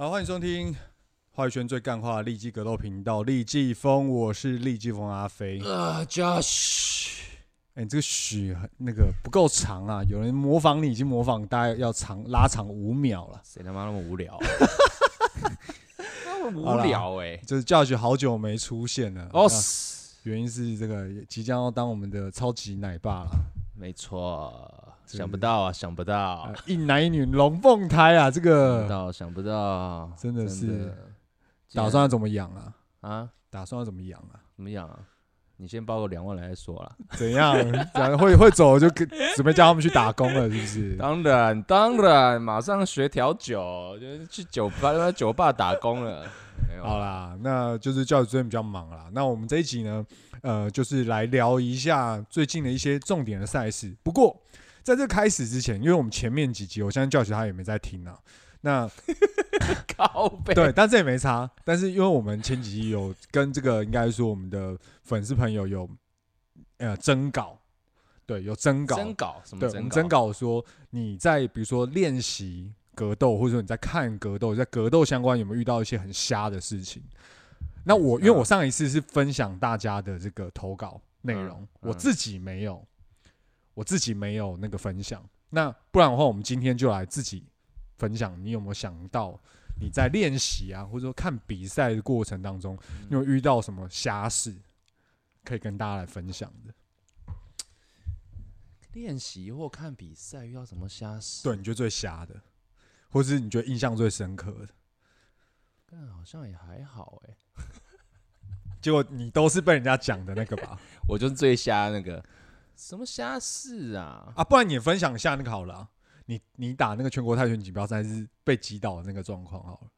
好，歡迎收聽華語圈最幹話的立技格鬥頻道立技瘋，我是立技瘋阿飛。呃、uh, Josh 哎、欸，這個許那個不夠長啊，有人模仿你，已經模仿大概要長拉長五秒了。誰他媽那麼無聊、啊？那 麼 無聊哎、欸，就是 Josh 好久沒出現了。哦、oh，原因是這個即將要當我們的超級奶爸了。沒錯。想不到啊，想不到，呃、一男一女龍鳳胎啊，這個想不到，想不到，真的是，的打算要怎麼養啊？啊，打算要怎麼養啊？怎麼養啊？你先包個兩萬來再說啦，怎樣？ 怎樣會會走就準備叫他們去打工了，是不是？ 當然，當然，馬上學調酒，就是、去酒吧、酒吧打工了，了。好啦，那就是教育最近比較忙啦。那我們這一集呢，呃，就是來聊一下最近的一些重點的賽事，不過。在這開始之前，因為我們前面幾集，我相信 Josh 他也沒在聽呢、啊。那 對，但這也沒差。但是因為我們前幾集有跟這個，應該說我們的粉絲朋友有呃徵稿，對，有徵稿，徵稿什麼徵稿？對，我們徵稿說你在比如說練習格鬥，或者說你在看格鬥，在格鬥相關有沒有遇到一些很瞎的事情？那我因為我上一次是分享大家的這個投稿內容，嗯嗯，我自己沒有。我自己沒有那個分享，那不然的話，我們今天就來自己分享。你有沒有想到你在練習啊，或者說看比賽的過程當中、嗯，你有遇到什麼瞎事可以跟大家來分享的？練習或看比賽遇到什麼瞎事？對，你覺得最瞎的，或是你覺得印象最深刻的？但好像也還好哎、欸。 結果你都是被人家講的那個吧？ 我就是最瞎那個。什麼瞎事啊！啊，不然你也分享一下那個好了啊，你你打那個全國泰拳錦標賽是被擊倒的那個狀況好了，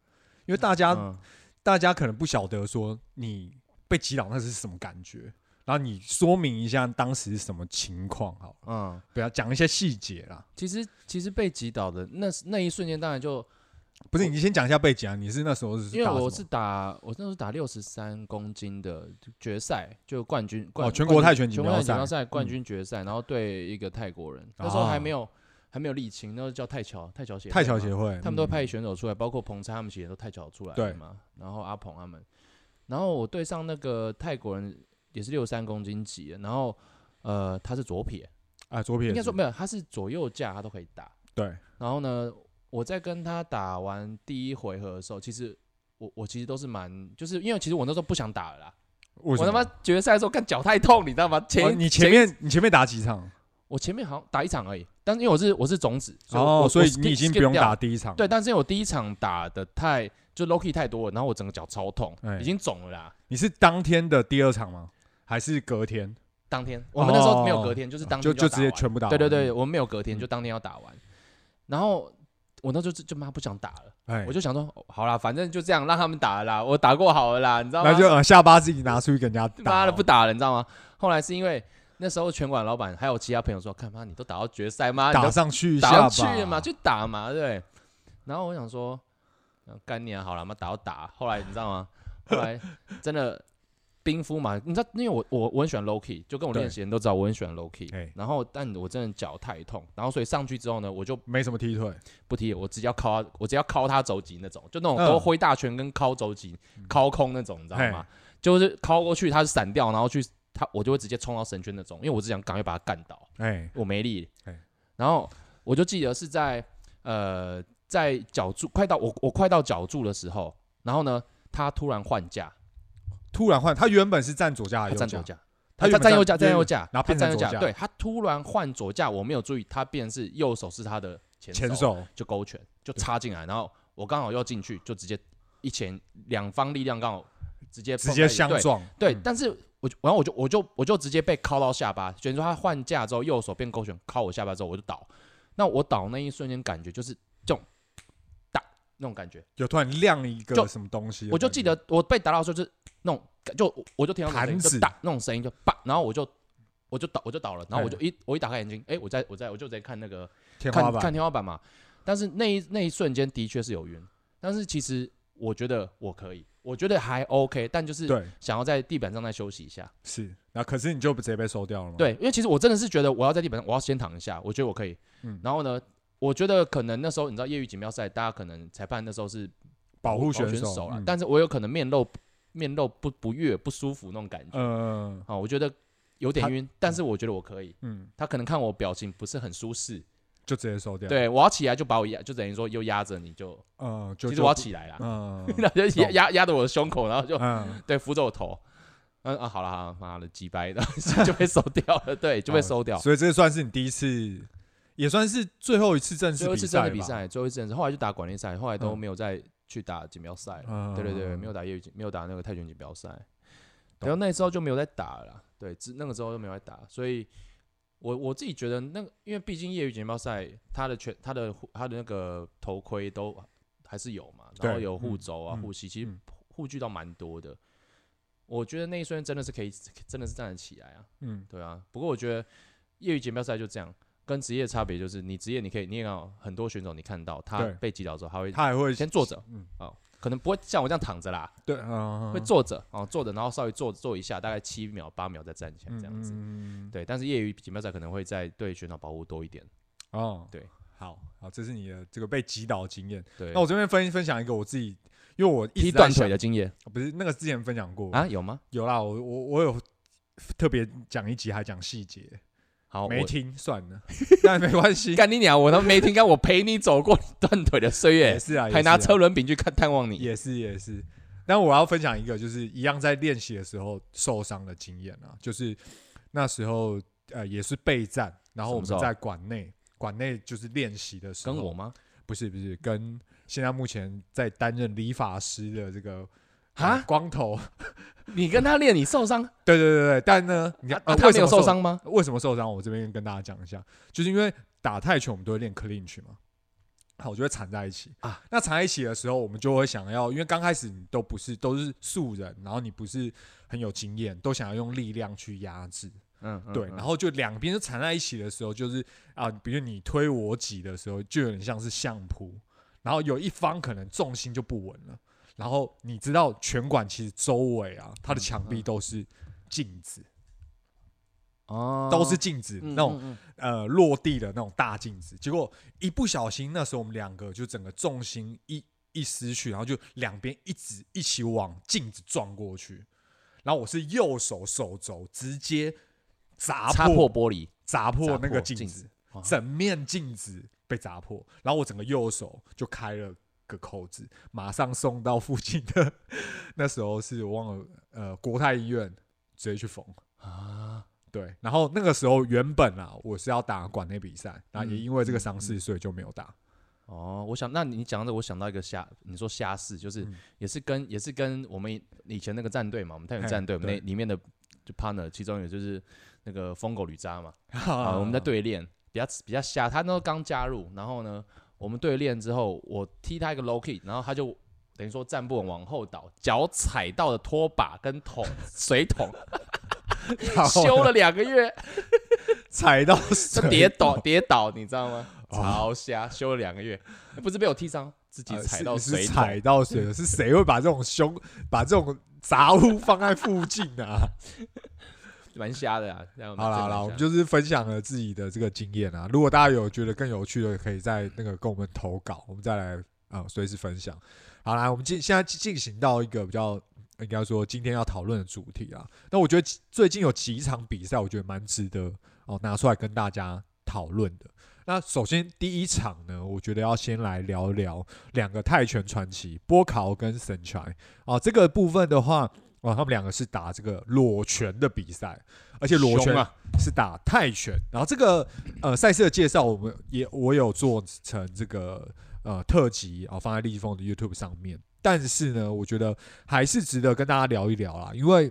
因為大家，嗯，大家可能不曉得說你被擊倒那是什麼感覺，然後你說明一下當時是什麼情況好，嗯，不要講一些細節啦。其實其實被擊倒的那那一瞬間，當然就。不是，你先講一下背景啊。你是那時候是打，因為我是打，我那時候打六十三公斤的決賽，就冠軍，冠軍，哦，全國泰拳錦標賽，冠軍決賽，然後對一個泰國人，哦，那時候還沒有還沒有立技，那時候叫泰橋，泰橋協，泰橋協會，他們都派選手出來，嗯，包括彭差他們其實也都泰橋出來，對嘛？然後阿鵬他們，然後我對上那個泰國人也是六十三公斤級的，然後呃，他是左撇，啊，左撇，應該說沒有，他是左右架他都可以打，對，然後呢？我在跟他打完第一回合的時候，其實我我其實都是蠻就是因為其實我那時候不想打了啦，我他媽決賽的時候幹，腳太痛，你知道嗎？前、啊、你前面前你前面打幾場？我前面好像打一場而已，但因為我是我是種子，所以，oh, so，你已經不用打第一場。對，但是因為我第一場打的太就 Loki 太多了，然後我整個腳超痛，欸、已經腫了啦。你是當天的第二場嗎？還是隔天？當天，我們那時候沒有隔天，oh, 就是當天就就，就直接全部打完。對對對，我們沒有隔天，嗯，就當天要打完，然後。我那時候就就媽不想打了，欸、我就想說，哦、好了，反正就這樣讓他們打了啦，我打過好了啦，你知道嗎？那就、呃、下巴自己拿出去給人家打、哦。媽的，不打了，你知道嗎？後來是因為那時候拳館老闆還有其他朋友說，看媽你都打到決賽，媽你打上去打去嘛，就打嘛，對。然後我想說，幹年、啊、好了，媽打到打。後來你知道嗎？後來真的。 冰敷嘛，你知道，因為我我我很喜歡 low kick，就跟我練習的人都知道我很喜歡 low kick。然後，但我真的腳太痛，然後所以上去之後呢，我就沒什麼踢腿，不踢，我直接要靠我直接要靠他肘擊那種，就那種都揮大拳跟靠肘擊、靠、嗯、空那種，你知道嗎？嗯、就是靠過去他是閃掉，然後去他我就會直接衝到繩圈那種，因為我只想趕快把他幹倒。哎，我沒力。然後我就記得是在呃在角柱快到我我快到角柱的時候，然後呢他突然換架。突然換，他原本是站左架還是站右架？他站右架，他站右架，站右架，然後變成左架、架。對他突然換左架，我沒有注意，他變是右手是他的前手，前手就勾拳就插進來，然後我剛好要進去，就直接一前兩方力量剛好直接直接相撞。對，對嗯、但是我然後我就我就我就直接被尻到下巴。所以說他換架之後，右手變勾拳尻我下巴之後，我就倒。那我倒那一瞬間感覺就是。那種感覺，有突然亮了一個，就什麼東西，我就記得我被打到的時候，就是那種，就我就聽到盤子就打那種聲音，就啪，然後我就我就倒，我就倒了，然後我就一、欸、我一打開眼睛，誒、欸，我在我在我就在看那個天花板看，看天花板嘛。但是那一那一瞬間的確是有暈，但是其實我覺得我可以，我覺得還 OK，但就是想要在地板上再休息一下。是，那、啊、可是你就直接被收掉了嗎？對，因為其實我真的是覺得我要在地板上，我要先躺一下，我覺得我可以。嗯，然後呢？我覺得可能那時候，你知道業餘錦標賽，大家可能裁判那時候是保護選手啦，嗯、但是我有可能面露面露不不悅、不舒服那種感覺。嗯，啊，我覺得有點暈，但是我覺得我可以。嗯，他可能看我表情不是很舒適、嗯，就直接收掉。對，我要起來就把我壓，就等於說又壓着你就，嗯，其實我要起來了，嗯， 然後壓壓壓着我的胸口，然後就、嗯，對，扶着我頭，嗯啊，好了好了，媽的，雞掰的就被收掉了，對，就被收掉、嗯。所以這算是你第一次。也算是最後一次正式比賽、比賽，最後一次正式，後來就打管理賽，後來都沒有再去打錦標賽了。嗯、對對對，沒有打業餘，沒有打那個泰拳錦標賽。然、嗯、後那時候就沒有再打了啦。對，只那個時候就沒有再打。所以我，我我自己覺得、那個，那因為畢竟業餘錦標賽，他的拳、他的護、他的那個頭盔都還是有嘛，然後有護肘啊、護膝，護嗯、其實護具倒蠻多的。我覺得那一瞬間真的是可以，真的是站得起來啊。嗯、對啊。不過我覺得業餘錦標賽就這樣。跟職業差別就是，你職業你可以，你也有很多選手，你看到他被擊倒之後，他會他還會先坐着，嗯、哦，可能不會像我這樣躺着啦，對，uh, 會坐着，啊、哦，坐着，然後稍微坐坐一下，大概七秒八秒再站起來這樣子，嗯嗯嗯對。但是業餘錦標賽可能會再對選手保護多一點，哦，對，好，好，這是你的這個被擊倒的經驗。對，那我這邊分分享一個我自己，因為我一直劈斷腿的經驗，不是那個之前分享過啊？有嗎？有啦，我我我有特別講一集還，還講細節。好沒聽，算了，那 沒關係。跟你講，我都沒聽到。幹我陪你走過斷腿的歲月，也是啊，也是啊，還拿車輪餅去看探望你，也是也是。但我要分享一個，就是一樣在練習的時候受傷的經驗啊，就是那時候呃也是備戰，然後我們在館內館內就是練習的時候，跟我嗎？不是不是，跟現在目前在擔任理髮師的這個。啊，光頭，你跟他練，你受傷？對 對對對，但呢，你、啊啊、他沒有受傷嗎？為什麼受傷？我這邊跟大家講一下，就是因為打泰拳，我們都會練 clinch 去嘛，好，我就會纏在一起啊。那纏在一起的時候，我們就會想要，因為剛開始你都不是都是素人，然後你不是很有經驗，都想要用力量去壓制，嗯，對。嗯、然後就兩邊就纏在一起的時候，就是啊，比如你推我擠的時候，就有點像是相撲，然後有一方可能重心就不穩了。然後你知道拳館其實周圍啊，它的牆壁都是鏡子，哦，都是鏡子，那種呃落地的那種大鏡子。結果一不小心，那時候我們兩個就整個重心一一失去，然後就兩邊一直一起往鏡子撞過去。然後我是右手手肘直接砸破玻璃，砸破那個鏡子，整面鏡子被砸破。然後我整個右手就開了。個口子，馬上送到附近的。那時候是我忘了，呃，國泰醫院直接去縫啊。對，然後那個時候原本啊，我是要打館內比賽、嗯，然後也因為這個傷勢，所以就沒有打。嗯嗯嗯。哦，我想，那你講的，我想到一個瞎，你說瞎事，就是也是跟、嗯、也是跟我們以、以前那個戰隊嘛，我們太原戰隊、欸、那裡面的就 partner，其中有就是那個瘋狗女渣嘛啊，我們在對練，比較比較瞎，他那時候剛加入，然後呢。我們對練之後，我踢他一個 low kick，然後他就等於說站不穩往後倒，腳踩到的拖把跟桶水桶。 修了兩個月，踩到水跌倒，跌倒，你知道嗎？好、哦，瞎，修了兩個月，不是被我踢傷，自己踩到水，是是是踩到水了。是誰會把這種凶 把這種雜物放在附近啊？ 蠻瞎的啊！這樣，好了好了，我們就是分享了自己的這個經驗啊。如果大家有覺得更有趣的，可以在那個跟我們投稿，我們再來啊，嗯，隨時分享。好啦，我們進現在進行到一個比較應該說今天要討論的主題啊。那我覺得最近有幾場比賽，我覺得蠻值得哦拿出來跟大家討論的。那首先第一場呢，我覺得要先來聊一聊兩個泰拳傳奇波考跟神猜啊。這個部分的話。哦，他們兩個是打這個裸拳的比賽，而且裸拳啊是打泰拳。然後這個呃賽事的介紹，我們也我有做成這個呃特輯啊、哦，放在立技瘋的 YouTube 上面。但是呢，我覺得還是值得跟大家聊一聊啦，因為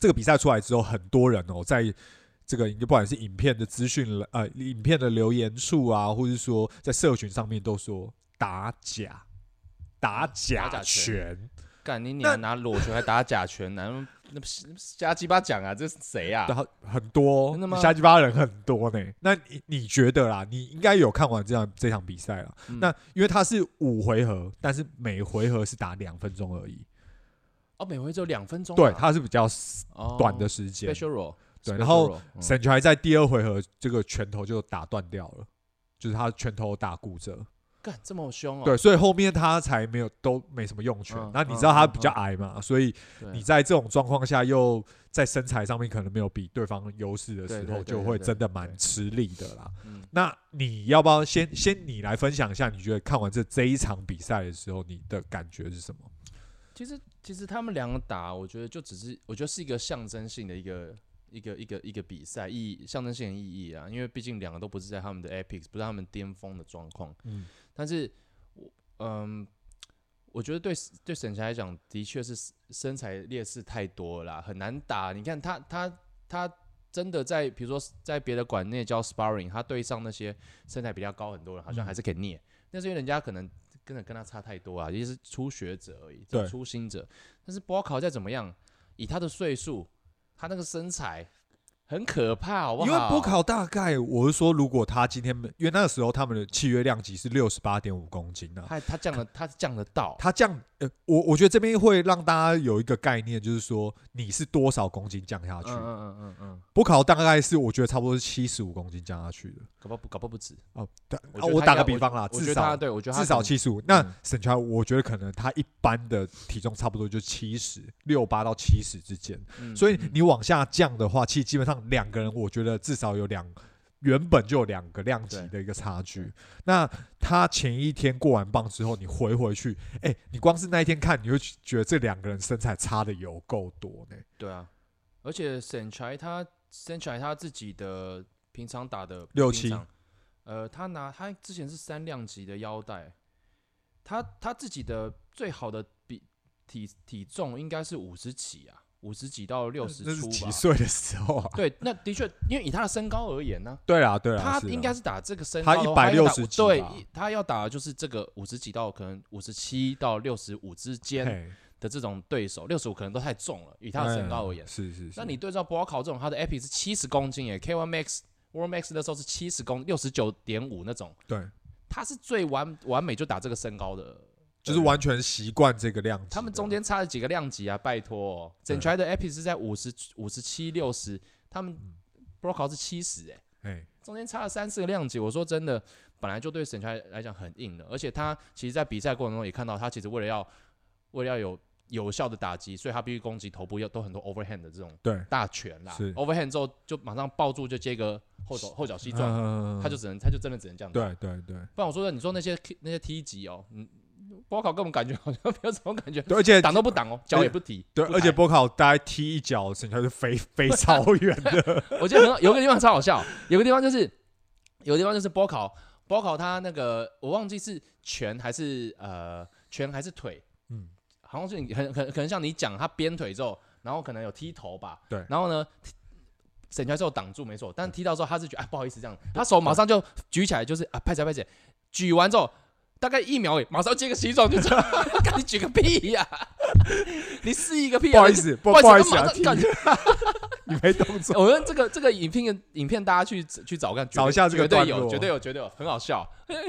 這個比賽出來之後，很多人哦，在這個就不管是影片的資訊呃影片的留言處啊，或者是說在社群上面都說打假打假拳。幹你！你拿裸拳還打假拳呢、啊？那不是瞎雞巴講啊！這是誰啊？然後很多，瞎雞巴人很多呢、欸。那你，你覺得啦？你應該有看完這場這場比賽了、嗯。那因為他是五回合，但是每回合是打兩分鐘而已。哦，每回只有兩分鐘、啊，對，他是比較短的時間。哦、Special 對。然後沈泉還在第二回合，這個拳頭就打斷掉了，就是他的拳頭打骨折。幹這麼兇哦！對，所以後面他才沒有都沒什麼用拳、嗯。那你知道他比較矮嘛？嗯嗯嗯嗯、所以你在這種狀況下，又在身材上面可能沒有比對方優勢的時候，就會真的蠻吃力的啦。對對對對對對對對，那你要不要先對對對對，先你來分享一下？你覺得看完這這一場比賽的時候，你的感覺是什麼？其實其實他們兩個打，我覺得就只是，我覺得是一個象徵性的一個。一個一個一個比賽意義，象徵性的意義啊，因為畢竟兩個都不是在他們的 epic，不是他們巔峰的狀況。嗯，但是我嗯，我覺得對，對沈霞來講，的確是身材劣勢太多了啦，很難打。你看他他他真的在比如說在別的館內教 sparring，他對上那些身材比較高很多人，好像還是可以捏。但、嗯、是因為人家可能真的跟他差太多啊，也是初學者而已，對，初心者。但是 Buakaw 再怎麼樣，以他的歲數，他那個身材。很可怕，好不好？因為補考大概我是說，如果他今天，因為那個時候他們的契約量級是六十八點五公斤呢、啊。他他降了，他是降了到他降呃，我我覺得這邊會讓大家有一個概念，就是說你是多少公斤降下去？嗯嗯嗯嗯，嗯。補考大概是我覺得差不多是七十五公斤降下去的，搞不，不搞不不止哦。對我，我打個比方啦，至少至少七十五。那沈喬、嗯，我覺得可能他一般的體重差不多就七十六八到七十之間、嗯嗯，所以你往下降的話，其實基本上。兩個人，我覺得至少有兩，原本就有兩個量級的一個差距。那他前一天過完磅之後，你回回去，哎、欸，你光是那一天看，你會覺得這兩個人身材差的有夠多呢、欸。對啊，而且 Saenchai 他 Saenchai 他自己的平常打的六七，呃，他拿他之前是三量級的腰帶，他他自己的最好的比體體重應該是五十幾啊。五十幾到六十出吧幾歲的時候、啊，對，那的確，因為以他的身高而言呢、啊， 對啊，對啊，他應該是打這個身高，他一百六十幾，對，他要打的就是這個五十幾到可能五十七到六十五之間的這種對手，六十五可能都太重了，以他的身高而言，是，是是。那你對照播求這種，他的 e p p 是七十公斤耶、欸、，K1 Max World Max 的時候是七十公六十九點五那種，對，他是最完完美就打這個身高的。就是完全習慣這個量級，他們中間差了幾個量級啊！拜託、喔，Saenchai、嗯、的 AP 是在五十五十七六十，他們 Buakaw 是七十、欸，哎、嗯，中間差了三四個量級。我說真的，本來就對 Saenchai、嗯、來講很硬了，而且他其實在比賽過程中也看到，他其實為了要為了要有有效的打擊，所以他必須攻擊頭部要，要都很多 overhand 的這種大拳啦對是，overhand 之後就馬上抱住就接個後手後腳膝撞、呃，他就只能他就真的只能這樣子。對對對，不然我說的，你說那些那些 T 級哦、喔，嗯。波考給我們感覺好像沒有什麼感覺而擋擋、喔，而且擋都不擋哦，腳也不提對不，對，而且波考大概踢一腳，Saenchai 就飛飛超遠的。 我記得很有一個地方超好笑， 有一個地方就是，有個地方就是波考，波考他那個我忘記是拳還是呃拳還是腿，嗯、好像是很可能可能像你講，他鞭腿之後，然後可能有踢頭吧，對，然後呢，Saenchai 之後擋住沒錯，但踢到之後他是覺得哎、嗯啊、不好意思這樣，他手馬上就舉起來就是啊拍謝拍謝，舉完之後。大概一秒誒，馬上接個西裝就走， 你舉個屁呀，啊？ 你示意個屁呀，啊？不好意思，不，不好意思，你沒動作欸。我覺得這個這個影片、影片，大家去去找看，找一下這個隊友，絕對有，絕對有，很好笑。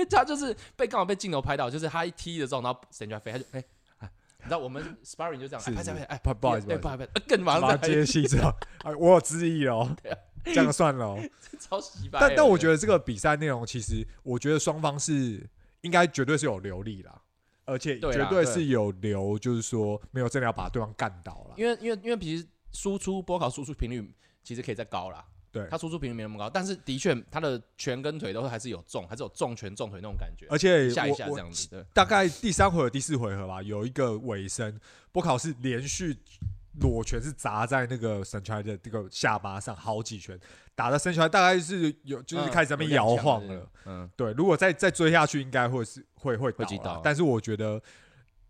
他就是被剛好被鏡頭拍到，就是他一踢的時候，然後身價飛，他就哎，欸啊，你知道我們 sparring 就這樣，是是欸，拍下拍下，哎，不不好意思，哎，不好意思，欸意思欸，更完了，接西裝。哎、 啊，我有質疑哦，啊，這樣算了哦， 算了 超奇葩。但但我覺得這個比賽內容， 其實我覺得雙方是。應該絕對是有留力啦，而且絕對是有留，就是說沒有真的要把對方幹倒啦。因為因為因為，因為其實輸出波考輸出頻率其實可以再高啦，對，他輸出頻率沒那麼高，但是的確他的拳跟腿都還是有重，還是有重拳重腿那種感覺，而且下一下這樣子對。大概第三回合第四回合吧，有一個尾聲，波考是連續。裸拳是砸在那個 Saenchai 的這個下巴上，好幾拳，打的 Saenchai 大概是有就是開始在那邊搖晃了。嗯，對，如果再再追下去，應該會是會會倒。會倒。但是我覺得，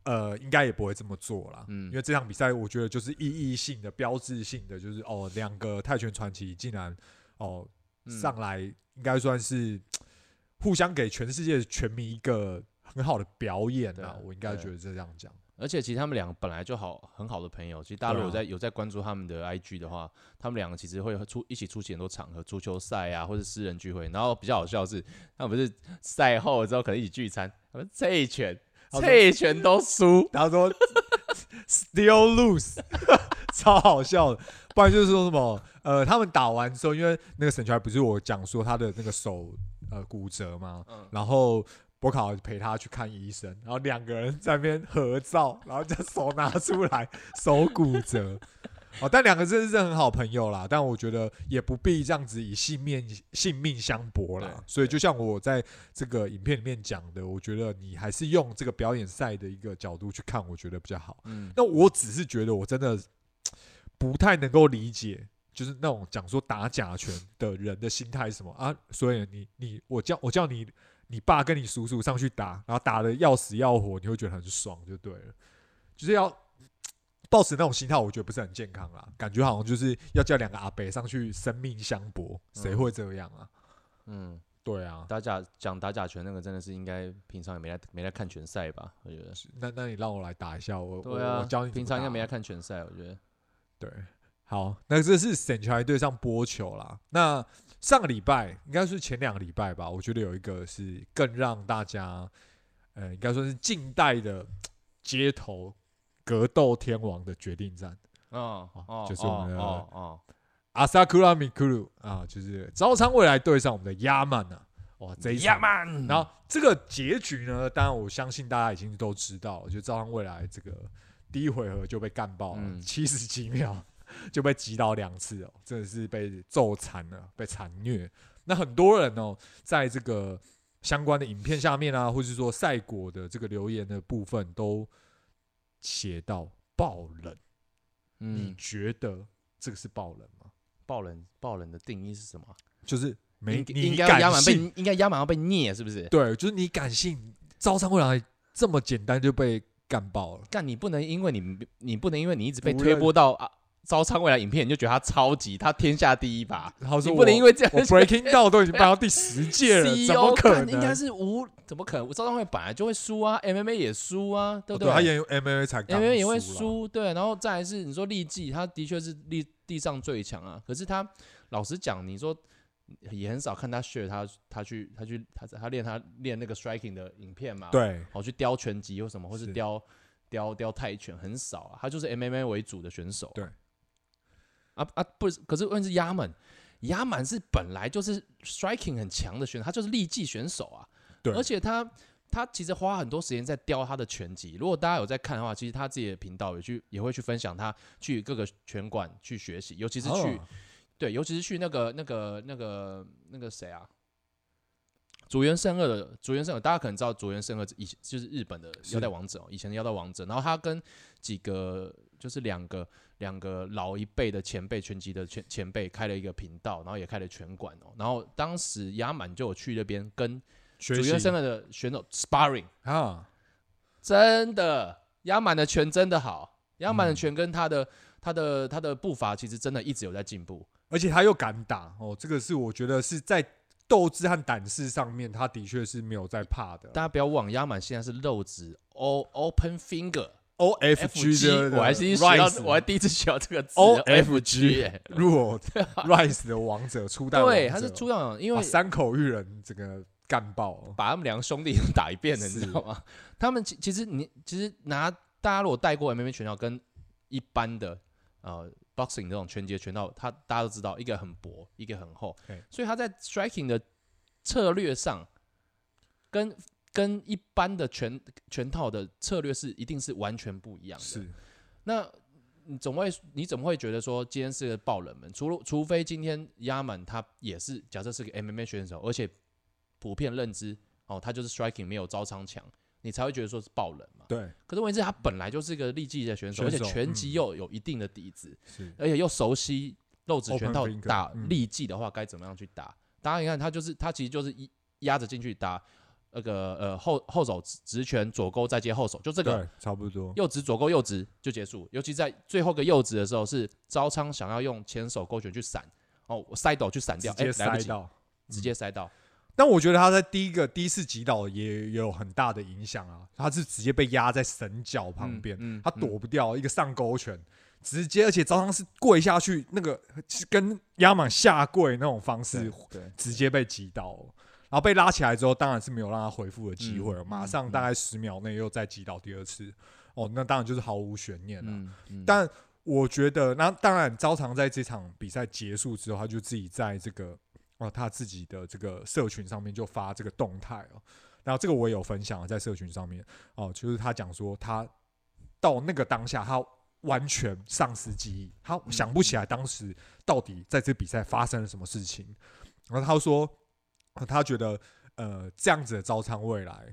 呃，應該也不會這麼做了。嗯，因為這場比賽，我覺得就是意義性的、標誌性的，就是哦，兩個泰拳傳奇竟然哦、喔、上來，應該算是互相給全世界的拳迷一個很好的表演啊！我應該覺得是這樣講。而且其實他們兩個本來就好很好的朋友，其實大家如果有在有在關注他們的 IG 的話，啊、他們兩個其實會出一起出席很多場合，足球賽啊，或者私人聚會。然後比較好笑的是，他們不是賽後了之後可能一起聚餐，他們這一拳這一拳都輸，然後說 still lose， 超好笑的。不然就是說什麼呃，他們打完之後，因為那個 Saenchai 不是我講說他的那個手呃骨折嘛，嗯、然後。我剛好陪他去看醫生，然後兩個人在那邊合照，然後將手拿出來， 手骨折。哦、但兩個真的是很好朋友啦。但我覺得也不必這樣子以性命性命相搏啦、嗯。所以就像我在這個影片裡面講的，我覺得你還是用這個表演賽的一個角度去看，我覺得比較好。嗯、那我只是覺得我真的不太能夠理解，就是那種講說打假拳的人的心態是什麼啊？所以你你我叫我叫你。你爸跟你叔叔上去打，然後打得要死要活，你會覺得很爽，就對了。就是要抱持那種心態，我覺得不是很健康啦。感覺好像就是要叫兩個阿伯上去生命相搏，嗯、誰會這樣啊？嗯，對啊。打假講打假拳那個真的是應該平常也沒來沒來看拳賽吧？我覺得。那那你讓我來打一下，我、啊、我教你、啊。平常應該沒來看拳賽，我覺得。對。好，那這是 Saenchai 對上播求啦，那上個禮拜應該是前兩個禮拜吧，我覺得有一個是更讓大家，呃，應該說是近代的街頭格鬥天王的決定戰啊、哦哦，就是我們的阿薩庫拉米庫魯啊，就是朝倉未來對上我們的亞曼啊，哇，這亞曼，然後這個結局呢，當然我相信大家已經都知道，就朝倉未來這個第一回合就被幹爆了，七、嗯、十幾秒。就被擊倒兩次哦、喔，真的是被揍慘了，被殘虐。那很多人哦、喔，在這個相關的影片下面啊，或是說賽果的這個留言的部分，都寫到爆冷、嗯。你覺得這個是爆冷嗎？爆冷，爆冷的定義是什麼？就是沒應該壓滿被，被，應該壓滿要被虐是不是？對，就是你敢信朝倉會來這麼簡單就被幹爆了。但你不能因為你，你不能因為你一直被推播到啊。朝倉未來影片你就覺得他超級，他天下第一吧？然後說你不能因為這樣，breaking down 都已經辦到第十屆了，啊、怎麼可能？應該是無，怎麼可能？我朝倉會本來就會輸啊，MMA 也輸啊，對不對？哦、對他演 MMA 才，MMA 也會輸，對。然後再來是你說立技，他的確是立技上最強啊。可是他老實講，你說也很少看他 share 他，他去他去他他練他,他練那個 striking 的影片嘛？對。哦，去雕拳擊或什麼，或是雕是雕雕,雕,雕泰拳很少啊。他就是 MMA 為主的選手、啊，對。啊啊，不是，可是問是亞滿，亞滿是本來就是 striking 很強的選手，他就是立技選手啊。對。而且他他其實花很多時間在雕他的拳擊。如果大家有在看的話，其實他自己的頻道也去也會去分享他去各個拳館去學習，尤其是去、哦、對，尤其是去那個那個那個那個誰啊，竹原勝二的竹原勝二，大家可能知道竹原勝二以前就是日本的腰帶王者哦、喔，以前的腰帶王者。然後他跟幾個就是兩個兩個老一輩的前輩拳擊的拳前前輩開了一個頻道，然後也開了拳館哦。然後當時亞滿就有去那邊跟主要現在的選手，的選手 sparring 啊，真的亞滿的拳真的好，亞滿的拳跟他的、嗯、他的他的步伐其實真的一直有在進步，而且他又敢打哦，這個是我覺得是在鬥志和膽識上面，他的確是沒有在怕的。大家不要忘，亞滿現在是露指，o open finger。OFG 的，我還是 Rise 我還第一次學到這個字。OFG 如果 Rise 的王者出道， 對，他是出道，因為三口玉人整個幹爆了，把他們兩個兄弟打一遍的，你知道嗎？他們其其實你其實拿大家如果帶過 MMA 拳套跟一般的呃 boxing 這種拳擊的拳套，他大家都知道一個很薄，一個很厚，所以他在 striking 的策略上跟跟一般的拳拳套的策略是一定是完全不一樣的。是，那你怎麼會你怎麼會覺得說今天是個爆冷門？除了除非今天 YA-MAN 他也是假設是個 MMA 選手，而且普遍認知哦，他就是 striking 沒有朝倉強，你才會覺得說是爆冷嘛。對。可是問題是，他本來就是一個立技的選手，選手，而且拳擊又有一定的底子，嗯、而且又熟悉肉子拳套打立技的話該怎麼樣去打？嗯、大家你看他就是他其實就是一壓着進去打。那個呃後後手直拳左勾再接後手，就這個對差不多右直左勾右直就結束。尤其在最後一個右直的時候是，是朝倉想要用前手勾拳去閃，哦我塞斗去閃掉，哎塞到、欸不嗯、直接塞到。但我覺得他在第一個第一次擊倒也有很大的影響啊，他是直接被壓在繩腳旁邊、嗯嗯，他躲不掉、嗯、一個上勾拳，直接而且朝倉是跪下去，那個、就是、跟亞馬下跪那種方式，對直接被擊倒了。然後被拉起來之後，當然是沒有讓他恢復的機會了。馬上大概十秒內又再擊倒第二次，哦，那當然就是毫無懸念了。但我覺得，那當然，朝倉在這場比賽結束之後，他就自己在這個哦他自己的這個社群上面就發這個動態了。然後這個我也有分享在社群上面哦，就是他講說他到那個當下，他完全喪失記憶，他想不起來當時到底在這比賽發生了什麼事情。然後他說。他覺得，呃，這樣子的朝倉未來，誒、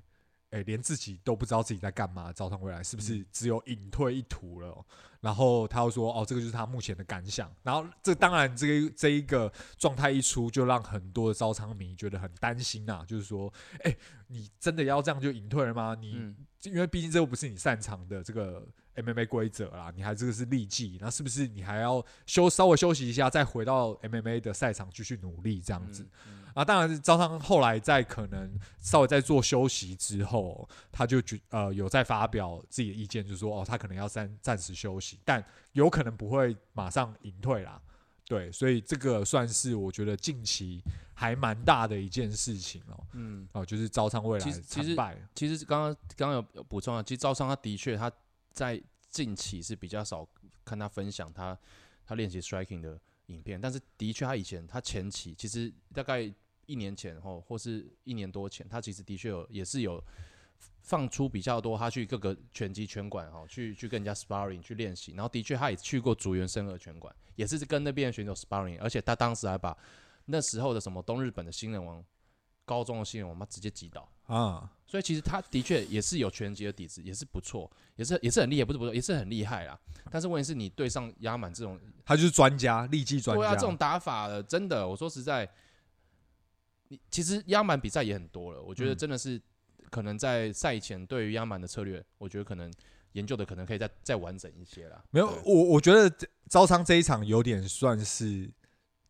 欸，連自己都不知道自己在幹嘛。朝倉未來是不是只有隱退一途了，嗯？然後他又說，哦，這個就是他目前的感想。然後這當然這，這這一個狀態一出，就讓很多的朝倉迷覺得很擔心吶，啊。就是說，誒、欸，你真的要這樣就隱退了嗎？你，嗯，因為畢竟這又不是你擅長的這個 MMA 規則啦，你還這個是立技，那是不是你還要休稍微休息一下，再回到 MMA 的賽場繼續努力這樣子？嗯嗯啊，當然是朝倉。後來在可能稍微在做休息之後、哦，他就覺呃有在發表自己的意見，就是說哦，他可能要暫暫時休息，但有可能不會馬上隱退啦。對，所以這個算是我覺得近期還蠻大的一件事情哦。嗯，哦、啊，就是朝倉未來慘敗其實。其實剛剛剛剛有補充啊，其實朝倉他的確他在近期是比較少看他分享他他練習 striking 的。影片，但是的確，他以前他前期其實大概一年前後，或是一年多前，他其實的確有也是有放出比較多，他去各個拳擊拳館吼，去去跟人家 sparring 去練習，然後的確他也去過竹原慎二拳館，也是跟那邊的選手 sparring，而且他當時還把那時候的什麼東日本的新人王，高中的新人王他直接擊倒啊。所以其實他的確也是有拳擊的底子，也是不錯，也是也是很厲害，不是不是，也是很厲害啦。但是問題是，你對上 YA-MAN 這種，他就是專家，立技專家。對啊，這種打法、呃、真的，我說實在，你其實 YA-MAN 比賽也很多了。我覺得真的是、嗯、可能在賽前對於 YA-MAN 的策略，我覺得可能研究的可能可以再再完整一些啦。沒有，我我覺得朝倉這一場有點算是。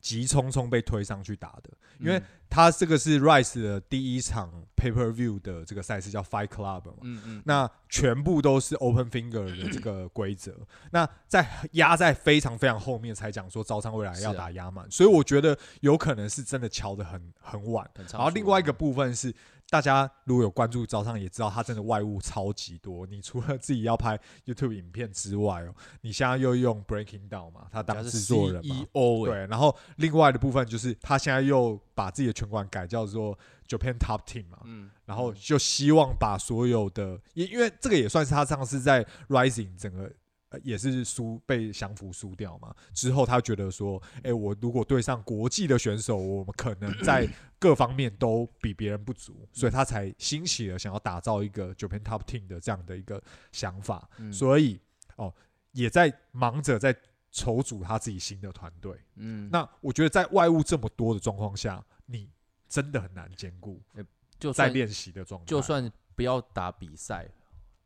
急匆匆被推上去打的，因為他這個是 RISE 的第一場 Pay Per View 的這個賽事叫 Fight Club 嘛，那全部都是 Open Finger 的這個規則，那在壓在非常非常後面才講說朝倉未來要打 YA-MAN，所以我覺得有可能是真的敲得很很晚，然後另外一個部分是。大家如果有關注朝倉，也知道他真的外務超級多。你除了自己要拍 YouTube 影片之外哦、喔，你現在又用 Breaking Down 嘛，他當制作人嘛，對，然後另外的部分就是他現在又把自己的拳館改叫做 Japan Top Team 嘛，然後就希望把所有的，因因為這個也算是他上次在 Rising 整個。呃、也是輸被降服輸掉嘛？之後他覺得說，哎、欸，我如果對上國際的選手，我們可能在各方面都比別人不足咳咳，所以他才興起了想要打造一個 Japan Top Team 的這樣的一個想法。嗯、所以哦，也在忙着在籌組他自己新的團隊。嗯，那我覺得在外務這麼多的狀況下，你真的很難兼顧、欸。就在練習的狀態，就算不要打比賽，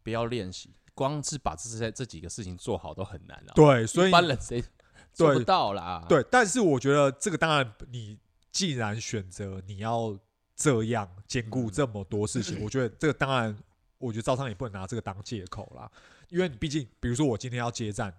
不要練習。光是把這些這幾個事情做好都很難了，啊，對，所以一般人誰做不到了？對，但是我覺得這個當然，你既然選擇你要這樣兼顧這麼多事情，嗯、我覺得這個當然，我覺得朝倉也不能拿這個當借口啦，嗯、因為你畢竟，比如說我今天要接站。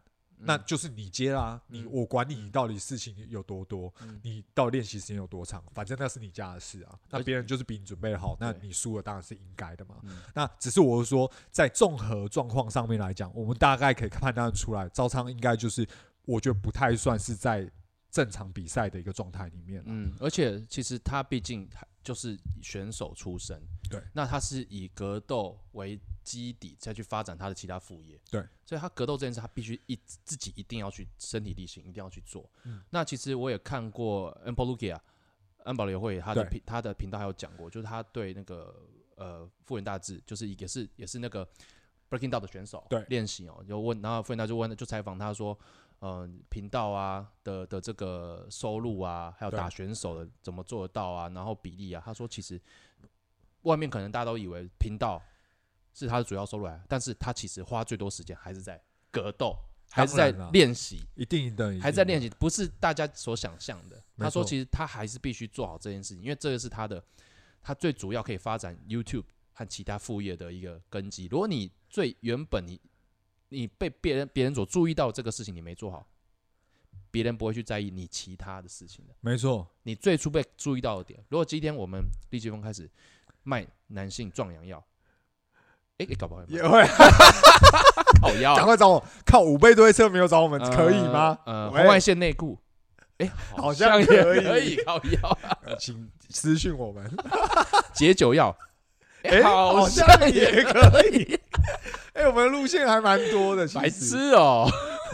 那就是你接啦、啊嗯，你我管你、嗯，你到底事情有多多，嗯、你到底練習時間有多長，反正那是你家的事啊。那別人就是比你準備好，那你輸了當然是應該的嘛、嗯。那只是我是說，在綜合狀況上面來講，我們大概可以判斷出來，朝倉應該就是，我覺得不太算是在正常比賽的一個狀態裡面了嗯，而且其實他畢竟。就是選手出身，對，那他是以格鬥為基底，再去發展他的其他副業，對，所以他格鬥這件事，他必須一自己一定要去身體力行，一定要去做。嗯，那其實我也看過安保瑠輝也安保瑠輝他的頻，他的頻道還有講過，就是他對那個呃傅原大志，就是也是也是那個 breaking down 的選手，對，練習哦，就問，然後傅原大志問，就問，就採訪他說。嗯，頻道啊的的這個收入啊，還有打選手的怎麼做得到啊？然後比例啊，他說其實外面可能大家都以為頻道是他的主要收入來、啊、源，但是他其實花最多時間還是在格鬥，還是在練習，一定的，一定的，還是在練習，不是大家所想象的。他說其實他還是必須做好這件事情，因為這個是他的他最主要可以發展 YouTube 和其他副業的一個根基。如果你最原本你。你被別人別人所注意到這個事情，你沒做好，別人不會去在意你其他的事情沒錯，你最初被注意到的點。如果今天我們立技瘋，開始賣男性壯陽藥，哎，搞不好也，也會。靠腰，趕快找我。靠，五倍堆車沒有找我們，可以嗎？嗯，紅外線內褲，哎，好像也可以。靠腰，請私信訊我們。 解酒藥。欸、好像也可以。哎、 欸，我們的路線還蠻多的，其實。白癡哦、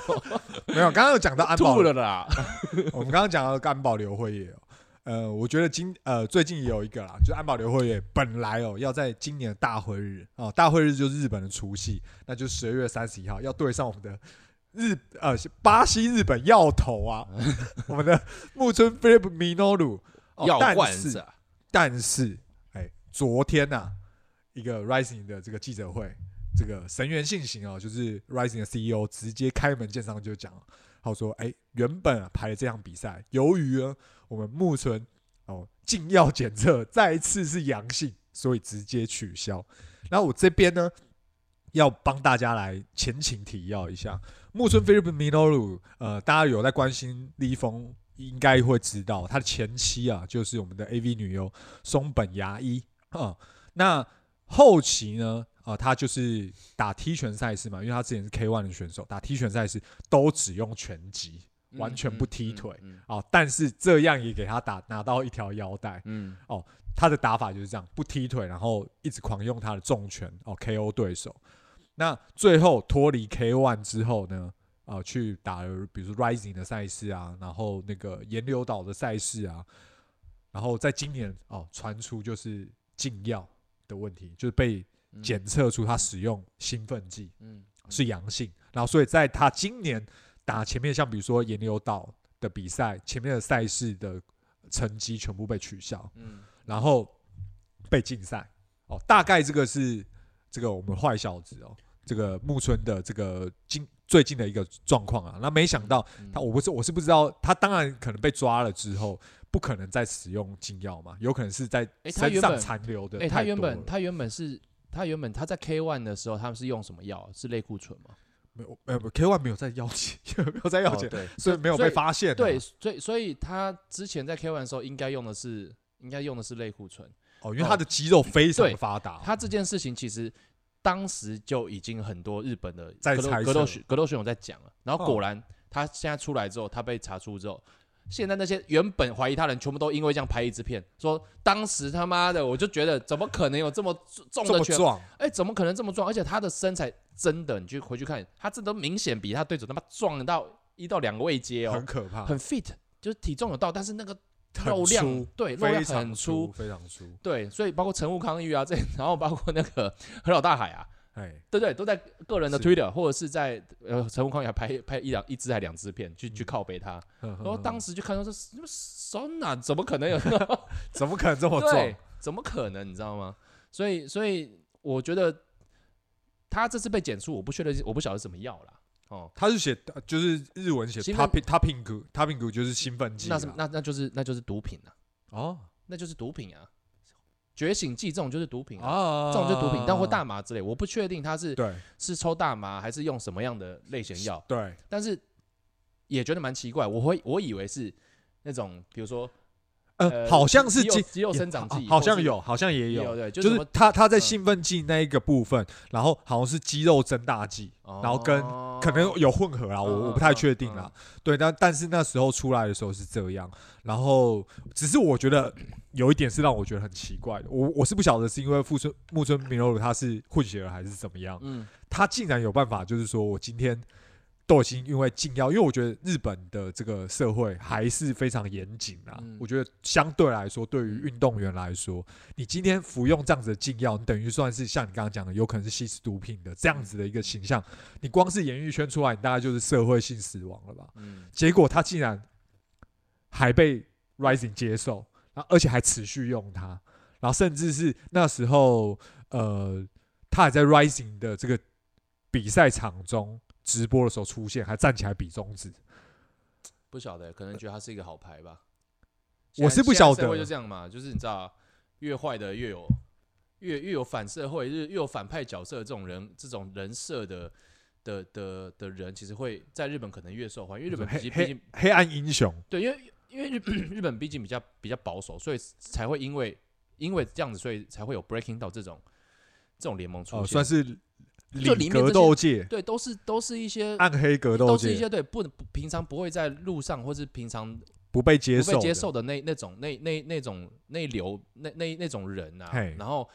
喔， 沒有，剛剛有講到安保吐了啦。 我們剛剛講到安保瑠輝也，呃，我覺得今呃最近也有一個啦，就是、安保瑠輝也本來哦、呃、要在今年的大晦日哦、呃，大晦日就是日本的除夕，那就是十二月三十一號要對上我們的日呃巴西日本要頭啊， 我們的木村菲利普米諾魯。要換、啊、但是，哎、欸，昨天吶、啊。一個 rising 的這個記者會，這個神元信行哦、啊，就是 rising 的 CEO，直接開門見山就講，他說：“哎，原本、啊、排了這場比賽，由於呢我們木村哦禁藥檢測再一次是陽性，所以直接取消。那我這邊呢，要幫大家來前情提要一下，木村 Philip Minoru 呃，大家有在關心立峰，應該會知道他的前妻啊，就是我們的 AV 女優松本芽衣。」啊，那。”後期呢，啊、呃，他就是打踢拳賽事嘛，因為他之前是 K ONE 的選手，打踢拳賽事都只用拳擊、嗯，完全不踢腿。哦、嗯嗯嗯呃，但是這樣也給他打拿到一條腰帶，哦、嗯呃，他的打法就是這樣，不踢腿，然後一直狂用他的重拳，哦、呃、KO 對手。那最後脫離 K ONE 之後呢，啊、呃，去打了比如說 Rising 的賽事啊，然後那個巖流島的賽事啊，然後在今年哦，傳、呃、出就是禁藥。的問題就是被檢測出他使用興奮劑，嗯，是陽性，嗯嗯，然後所以在他今年打前面像比如說巖流島的比賽，前面的賽事的成績全部被取消，嗯，然後被禁賽，哦，大概這個是這個我們壞小子哦，這個木村的這個近最近的一個狀況啊，那沒想到他我不是我是不知道他當然可能被抓了之後，不可能再使用禁藥嘛？有可能是在身上殘留的太多了、欸、他原本、欸、他、原本他原本是他原本他在 K ONE 的時候，他們是用什麼藥？是類固醇嗎？沒有，沒有，有 K ONE 沒有在藥檢，沒有在藥檢，哦，所以沒有被發現啊。對，所以所以他之前在 K ONE 的時候應的，應該用的是應該用的是類固醇。哦，因為他的肌肉非常發達哦。他這件事情其實當時就已經很多日本的格鬥在格鬥格鬥選手在講了。然後果然、哦、他現在出來之後，他被查出之後。現在那些原本懷疑他人，全部都因為這樣拍一支片，說當時他媽的我就覺得，怎麼可能有這麼重的拳？哎，怎麼可能這麼壯？而且他的身材真的，你就回去看，他真的都明顯比他對手他媽壯到一到兩個位階哦，很可怕，很 fit，就是體重有到，但是那個肉量對，肉量很粗，非常粗，對，所以包括陳武康玉啊，這，然後包括那個何老大海啊。哎，對對，都在個人的 Twitter 或者是在呃，陳冠希還拍拍一兩、一支還兩支片去、嗯、去靠北他呵呵呵，然後當時就看到說，什麼啊？怎麼可能有？呵呵 怎麼可能這麼做？怎麼可能？你知道嗎？所以，所以我覺得他這次被檢出，我不確定，我不曉得什麼藥了。哦，他是寫就是日文寫他他他拼圖，他拼圖就是興奮劑。那是、啊、那那就是那就是毒品啊！哦，那就是毒品啊！覺醒劑這種就是毒品啊，oh, 這種就是毒品，但或大麻之類，我不確定它是對是抽大麻還是用什麼樣的類型藥。對，但是也覺得蠻奇怪，我會我以為是那種，比如說，呃，好像是肌肉肌肉生長劑，啊，好像有，好像也有，對，就是它它在興奮劑那一個部分，然後好像是肌肉增大劑，然後跟、嗯、可能有混合啊，我、嗯、我不太確定啦。嗯嗯、 對，但但是那時候出來的時候是這樣，然後只是我覺得。有一點是讓我覺得很奇怪的，我我是不曉得是因為富村木村米諾魯，他是混血了還是怎麼樣、嗯，他竟然有辦法，就是說我今天都已經因為禁藥，因為我覺得日本的這個社會還是非常嚴謹啊、嗯，我覺得相對來說，對於運動員來說，你今天服用這樣子的禁藥，你等於算是像你剛剛講的，有可能是吸食毒品的這樣子的一個形象，嗯、你光是演藝圈出來，你大概就是社會性死亡了吧？嗯、結果他竟然還被 Rising 接受。啊、而且還持續用它，然後甚至是那時候，呃，他還在 Rising 的這個比賽場中直播的時候出現，還站起來比中指。不曉得，可能覺得他是一個好牌吧。呃、我是不曉得。社會就這樣嘛，就是你知道，越壞的越有，越越有反社會，就是越有反派角色這種人，這種人設的的的的人，其實會在日本可能越受歡迎。因為日本畢竟畢竟，黑、黑、黑暗英雄，對，因為。因為日日本畢竟比較比較保守，所以才會因為因為這樣子，所以才會有 breaking 到這種這種聯盟出現。哦、算是就裡面的鬥界對，都是都是一些暗黑格鬥，都是一些，是一些對不平常不會在路上，或是平常不被接受不被接受的那那種那那那，那種那流那那那，那種人啊。然後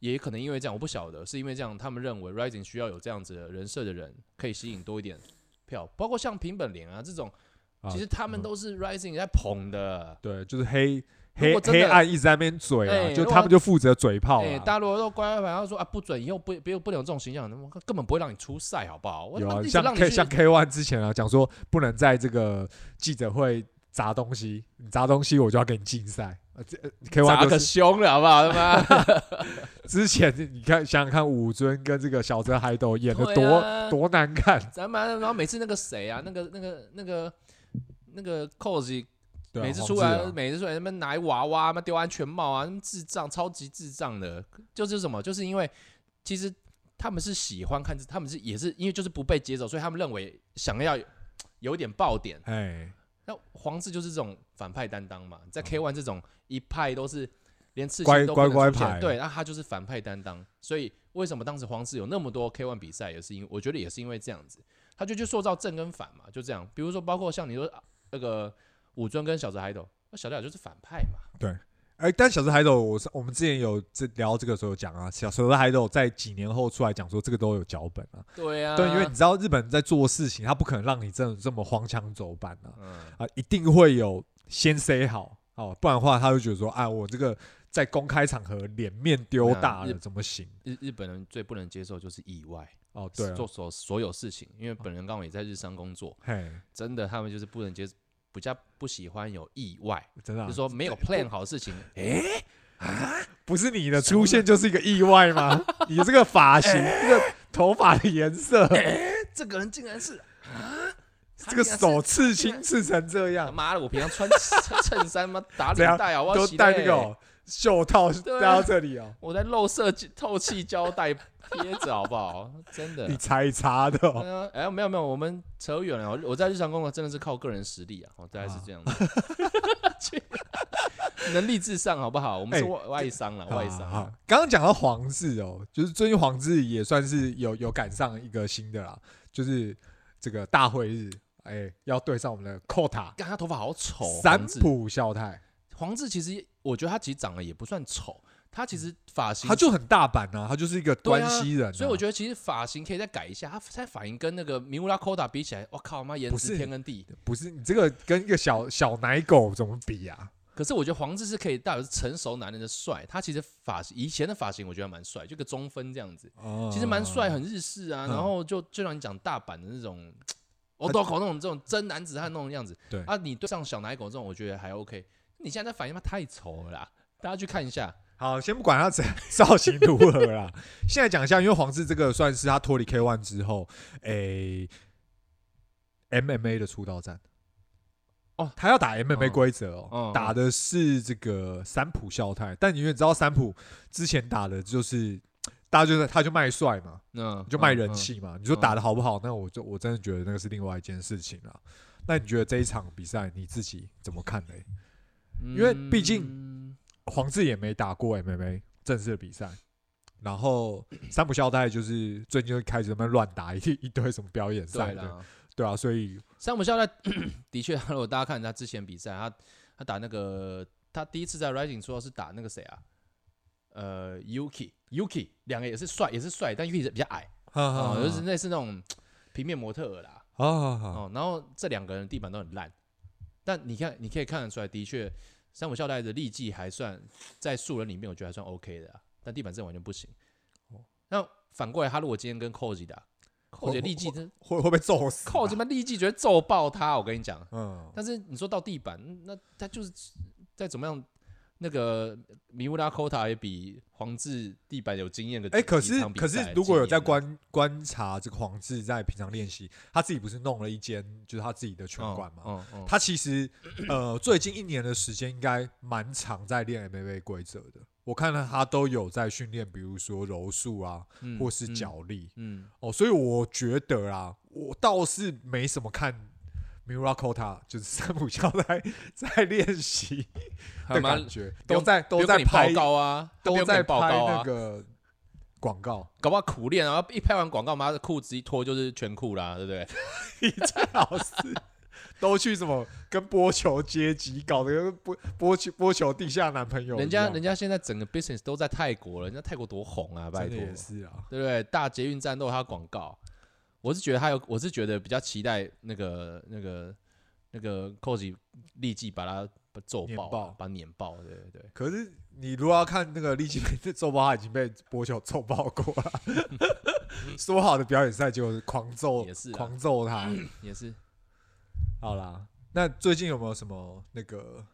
也可能因為這樣，我不曉得是因為這樣，他們認為 Rising 需要有這樣子的人設的人，可以吸引多一點票。包括像平本蓮啊這種。其實他們都是 rising 在捧的、啊，嗯、捧的對，就是黑黑黑暗一直在那邊嘴、欸，就他們就負責嘴炮、欸。大家都乖乖反正說啊不准，以後不，不要不能有這種形象，根本不會讓你出賽，好不好？有啊，像 K，像 K-1 之前啊，講說不能在這個記者會砸東西，你砸東西我就要給你禁賽、啊啊就是。砸個凶，好不好？他媽！之前你看想想看，武尊跟這個小澤海斗演的多、啊、多難看。咱們然後每次那個誰啊，那個那個那個。那個那個 cos 每次出來，每次出來什麼拿一娃娃，什麼丟安全帽啊，智障，超級智障的，就是什麼？就是因為其實他們是喜歡看，他們是也是因為就是不被接走，所以他們認為想要有一點爆點。哎，那黃志就是這種反派擔當嘛，在 K1 這種一派都是連刺青都不存在，對，那他就是反派擔當。所以為什麼當時黃志有那麼多 K1 比賽，也是因，我覺得也是因為這樣子，他就去塑造正跟反嘛，就這樣。比如說，包括像你說。那、這個武尊跟小澤海斗，那小澤海斗就是反派嘛。對，哎、欸，但小澤海斗，我是我們之前有這聊到這個時候講啊，小小澤海斗在幾年後出來講說，這個都有腳本啊。對啊，對，因為你知道日本人在做事情，他不可能讓你這這麼荒腔走板啊、嗯、啊，一定會有先塞好哦，不然的話他就覺得說，哎、啊，我這個在公開場合臉面丟大了、啊，怎麼行？日日本人最不能接受就是意外哦，對、啊，做所所有事情，因為本人剛好也在日商工作，嘿，真的他們就是不能接。比較不喜歡有意外，真的、啊，就是、說沒有 plan 好事情，哎、欸，啊，不是你的出現就是一個意外嗎？你這個髮型、欸，這個頭髮的顏色，哎、欸欸，這個人竟然是啊，這個手刺青刺成這樣，媽的，我平常穿襯衫嗎？打領帶啊，我都戴那個。袖套戴到這裡哦、喔，我在露色透氣膠帶貼着，好不好？ 真的、啊，你才差的、喔。哎、啊欸，沒有沒有，我們扯遠了。我在日常工作真的是靠個人實力啊，好、啊，大概是這樣子。啊、 能力至上，好不好？我們是外商，傷、欸、了，外商。剛剛講到皇治哦，就是最近皇治也算是有有趕上一個新的啦，就是這個大晦日，哎、欸，要對上我們的扣塔。看他頭髮好醜，三浦孝太。黃志其實，我覺得他其實長得也不算醜，他其實髮型、嗯、他就很大阪吶、啊，他就是一個關西人、啊啊，所以我覺得其實髮型可以再改一下，他才髮型跟那個米烏拉扣達比起來，我靠媽，顏值是天跟地，不是你這個跟一個小小奶狗怎麼比啊？可是我覺得黃志是可以代表成熟男人的帥，他其實髮型以前的髮型我覺得蠻帥，就個中分這樣子，嗯、其實蠻帥，很日式啊。然後就，、嗯、就讓你講大阪的那種，我都要搞那種這種真男子漢那種樣子。對啊，你對像小奶狗這種，我覺得還 OK。你現在他反應嘛太醜了啦，大家去看一下。好，先不管他怎造型如何了，現在講一下，因為皇治這個算是他脫離 K ONE 之後，誒、欸、MMA 的出道戰。哦，他要打 MMA 規則哦，哦，打的是這個三浦孝太、嗯嗯。但你永遠知道三浦之前打的就是大家就是他就賣帥嘛，嗯，就賣人氣嘛、嗯嗯，你說打的好不好？嗯、那我就我真的覺得那個是另外一件事情了、嗯。那你覺得這一場比賽你自己怎麼看呢？因為畢竟皇治也沒打過 MMA、欸、正式的比賽，然後三浦孝太就是最近就開始在那麼亂打一一堆什麼表演賽的，對啊，所以三浦孝太的確，如果大家看他之前比賽，他他打那個他第一次在 Rising 出道是打那個誰啊？呃，Yuki Yuki 兩個也是帥也是帥，但 Yuki 是比較矮，嗯、就是類似那種平面模特兒啦，哦，然後這兩個人地板都很爛。但你看，你可以看得出來，的確，三五校貸的立技還算在素人裡面，我覺得還算 OK 的啊，但地板真的完全不行。哦，那反過來，他如果今天跟寇姐打，cozy 姐立技會不會被揍死？寇姐嘛，立技覺得揍爆他，我跟你講。嗯。但是你說到地板，那他就是再怎麼樣。那個三浦孝太也比皇治地板有經驗的哎、欸，可是可是如果有在觀觀察這個皇治在平常練習，他自己不是弄了一間就是他自己的拳館嘛、哦哦哦。他其實呃最近一年的時間應該蠻常在練 MMA 規則的。我看到他都有在訓練，比如說柔術啊、嗯，或是腳力，嗯，嗯哦，所以我覺得啊，我倒是沒什麼看。Miracle 就是三浦喬在在練習的嗎？都在都在拍報告啊，都在拍那個廣告，搞不好苦練啊，一拍完廣告，媽的褲子一脫就是全褲啦，對不對？你這老師都去什麼跟播求接機，搞得播播求播求地下男朋友？人家人家現在整個 business 都在泰國了，人家泰國多紅啊，拜託、啊，對不對？大捷運戰鬥他廣告。我是覺得他有，我是覺得比較期待那個那個那個寇奇立即把他揍爆，爆，把他碾爆，對對對。可是你如果要看那個立即被揍爆，他已經被播求揍爆過了。 說好的表演賽結果是狂揍、啊，狂揍他也是。好啦，那最近有沒有什麼那個，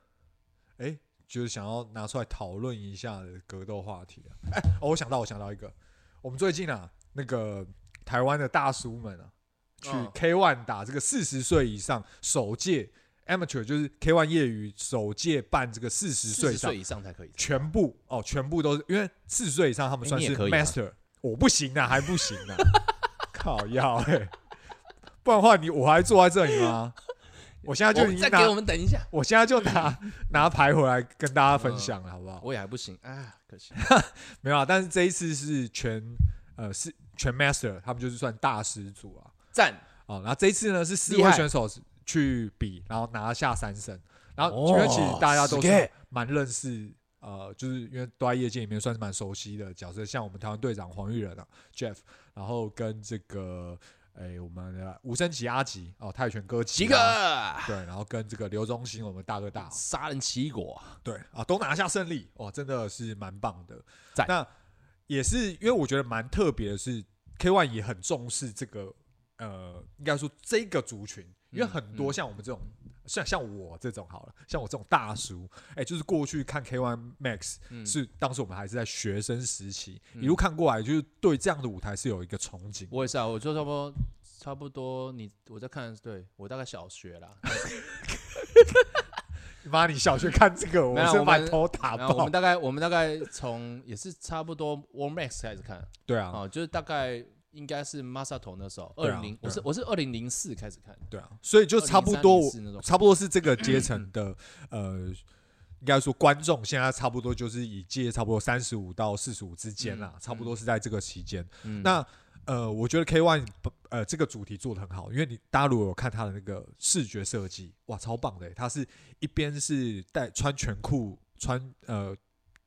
哎、欸，就是想要拿出來討論一下的格鬥話題啊？哎、欸哦，我想到，我想到一個，我們最近啊，那個。台灣的大叔們啊，去 K ONE 打這個四十歲以上、嗯、首屆 Amateur，就是 K ONE 業餘首屆辦這個四十歲以上才可以，全部哦，全部都是因為四十歲以上他們算是 Master，我、哦、不行啊，還不行啊， 靠藥、欸，不然的話你我還坐在這裡嗎？我現在就你我給我們等一下，我現在就拿拿牌回來跟大家分享了，好不好我？我也還不行啊，可惜， 沒有、啊，但是這一次是全呃是。全 master，他們就是算大師組啊，讚啊，然後這一次呢，是四位選手去比，然後拿下三勝。然後因為其實大家都是蠻認識、哦，呃，就是因為都在業界裡面算是蠻熟悉的角色，像我們台灣隊長黃玉仁啊，Jeff，然後跟這個誒我們的吳升奇阿吉哦、啊，泰拳哥吉、啊，對，然後跟這個劉忠新，我們大哥大，殺人奇異果、啊，對啊，都拿下勝利哇，真的是蠻棒的。那也是因為我覺得蠻特別的是。K -1 也很重視這個，呃，應該說這個族群、嗯，因為很多像我們這種，像、嗯、像我這種好了，像我這種大叔，哎、欸，就是過去看 K -1 MAX、嗯、是當時我們還是在學生時期、嗯、一路看過來，就是對這樣的舞台是有一個憧憬。我也是啊，我就差不多差不多，不多你我在看，對，我大概小學啦。 媽，你小學看這個， 啊、我是滿頭大包。我們大概，我們大概從也是差不多 Warner Max 開始看。對啊、哦，就是大概應該是 Masato 那時候，二零、啊啊，我是我是二零零四開始看。對啊，所以就差不多，差不多是這個階層的， 呃，應該說觀眾現在差不多就是以介，差不多三十五到四十五之間啦、嗯嗯，差不多是在這個期間、嗯。那呃，我覺得 K-1 呃，這個主題做得很好，因為你大家如果有看他的那個視覺設計，哇，超棒的，他是一邊是帶，穿全褲，穿呃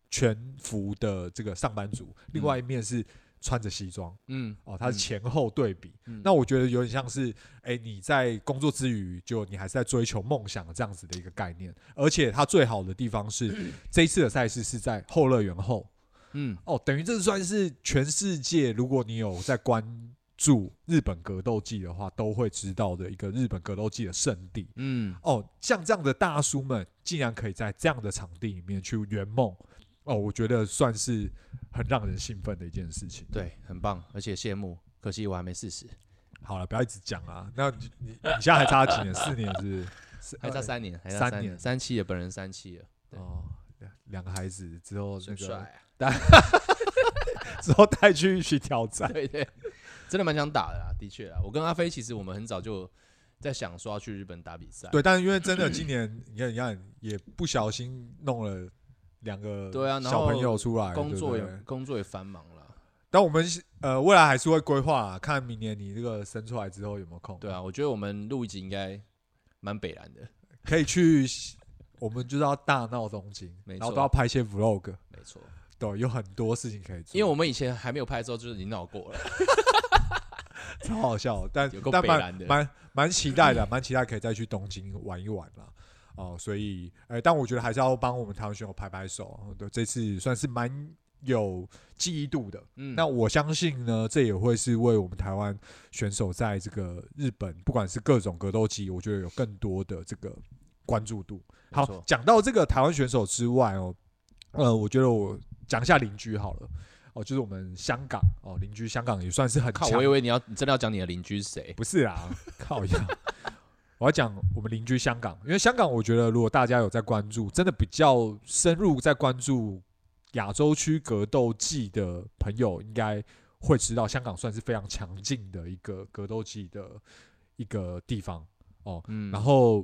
全服的這個上班族，另外一面是穿着西裝，嗯，哦，他是前後對比，嗯，那我覺得有點像是，哎，欸，你在工作之餘，就你還是在追求夢想這樣子的一個概念，而且他最好的地方是，這一次的賽事是在後樂園後。嗯，哦，等於這算是全世界，如果你有在關注日本格鬥技的話，都會知道的一個日本格鬥技的聖地。嗯，哦，像這樣的大叔們，竟然可以在這樣的場地裡面去圓夢，哦，我覺得算是很讓人興奮的一件事情。對，很棒，而且羨慕。可惜我還沒四十。好了，不要一直講啊。那你你現在還差幾年？ 四年是不是？還差三年？還差三年？三七了，本人三七了，對。哦。兩個孩子之後，很帥，帶，之後帶、那個啊、 去一起挑戰 對對對。真的蠻想打的，的確啊。我跟阿飛其實我們很早就在想說要去日本打比賽。對，但是因為真的今年、嗯、你看你看也不小心弄了兩個、啊、小朋友出來，對對工作也工作也繁忙了。但我們呃未來還是會規劃，看明年你這個生出來之後有沒有空、啊。對啊，我覺得我們錄一集應該蠻北然的，可以去。我們就是要大鬧東京，然後都要拍一些 vlog，沒錯，對，有很多事情可以做。因為我們以前還沒有拍之後，就是已經鬧過了， 超好笑，但但蠻蠻蠻期待的，蠻 期待可以再去東京玩一玩了。哦，所以、欸，但我覺得還是要幫我們台灣選手拍拍手、嗯。對，這次算是蠻有記憶度的、嗯。那我相信呢，這也會是為我們台灣選手在這個日本，不管是各種格鬥機，我覺得有更多的這個關注度。好，講到這個台灣選手之外哦，呃，我覺得我講一下鄰居好了哦，就是我們香港哦，鄰居香港也算是很好。我以為你要，你真的要講你的鄰居是誰？不是啊，靠一下， 我要講我們鄰居香港，因為香港，我覺得如果大家有在關注，真的比較深入在關注亞洲區格鬥技的朋友，應該會知道香港算是非常強勁的一個格鬥技的一個地方哦。然後。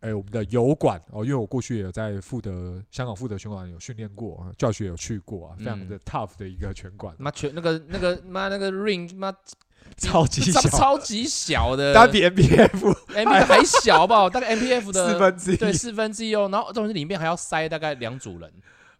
欸、我們的油管哦，因為我過去也有在負責香港負責拳館，有訓練過，教學有去過啊，非常的 tough 的一個拳館、啊。媽、嗯、拳，那個那個媽那個 ring 媽，超級小，超，超級小的，它比 M P F M P F 還小好不好，吧， 大概 M P F 的四分之一，對，四分之一哦。然後，總之裡面還要塞大概兩組人。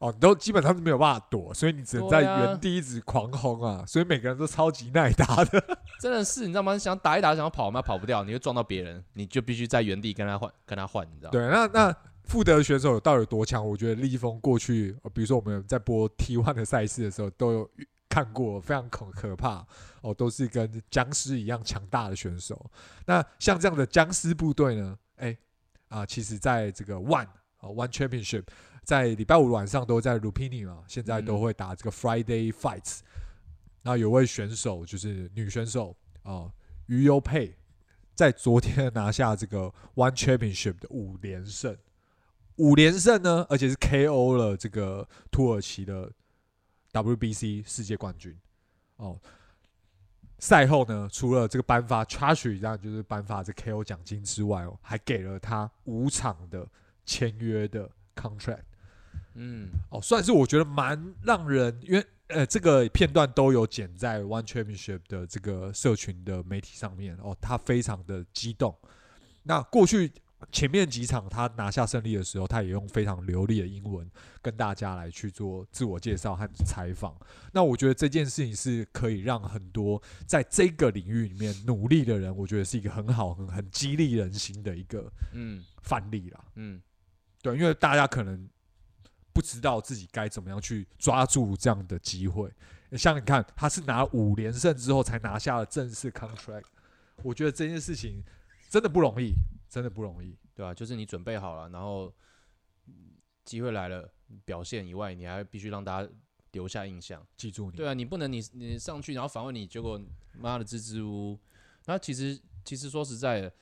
哦，你都基本上是沒有辦法躲，所以你只能在原地一直狂轟啊！啊所以每個人都超級耐打的。真的是，你知道嗎？ 想打一打，想要跑嗎？跑不掉，你又撞到別人，你就必須在原地跟他換，跟他換，你知道嗎？對，那那富德的選手到底有多強？我覺得立技瘋過去、呃，比如說我們在播 T one 的賽事的時候，都有看過非常恐可怕哦、呃，都是跟僵屍一樣強大的選手。那像這樣的僵屍部隊呢？誒、欸、啊、呃，其實在這個 One One Championship。在禮拜五晚上都在 Lumpinee 嘛，現在都會打這個 Friday Fights。那、嗯、有位選手就是女選手哦、呃，於優佩在昨天拿下這個 One Championship 的五連勝，五連勝呢，而且是 KO 了這個土耳其的 WBC 世界冠軍哦、呃。賽後呢，除了這個頒發 Chatri 一樣，就是頒發這 KO 獎金之外哦，還給了他五場的簽約的 contract。嗯，哦，算是我覺得蠻讓人，因為呃，這個片段都有剪在 One Championship 的這個社群的媒體上面哦，他非常的激動。那過去前面幾場他拿下勝利的時候，他也用非常流利的英文跟大家來去做自我介紹和採訪。嗯、那我覺得這件事情是可以讓很多在這個領域裡面努力的人，我覺得是一個很好、很很激勵人心的一個嗯範例啦嗯。嗯，對，因為大家可能。不知道自己該怎麼樣去抓住這樣的機會，像你看，他是拿五連勝之後才拿下了正式 contract，我覺得這件事情真的不容易，真的不容易，對啊，就是你準備好了，然後機會來了，表現以外，你還必須讓大家留下印象，記住你。對啊，你不能你你上去然後訪問你，結果媽的支支吾吾。那其實其實說實在的，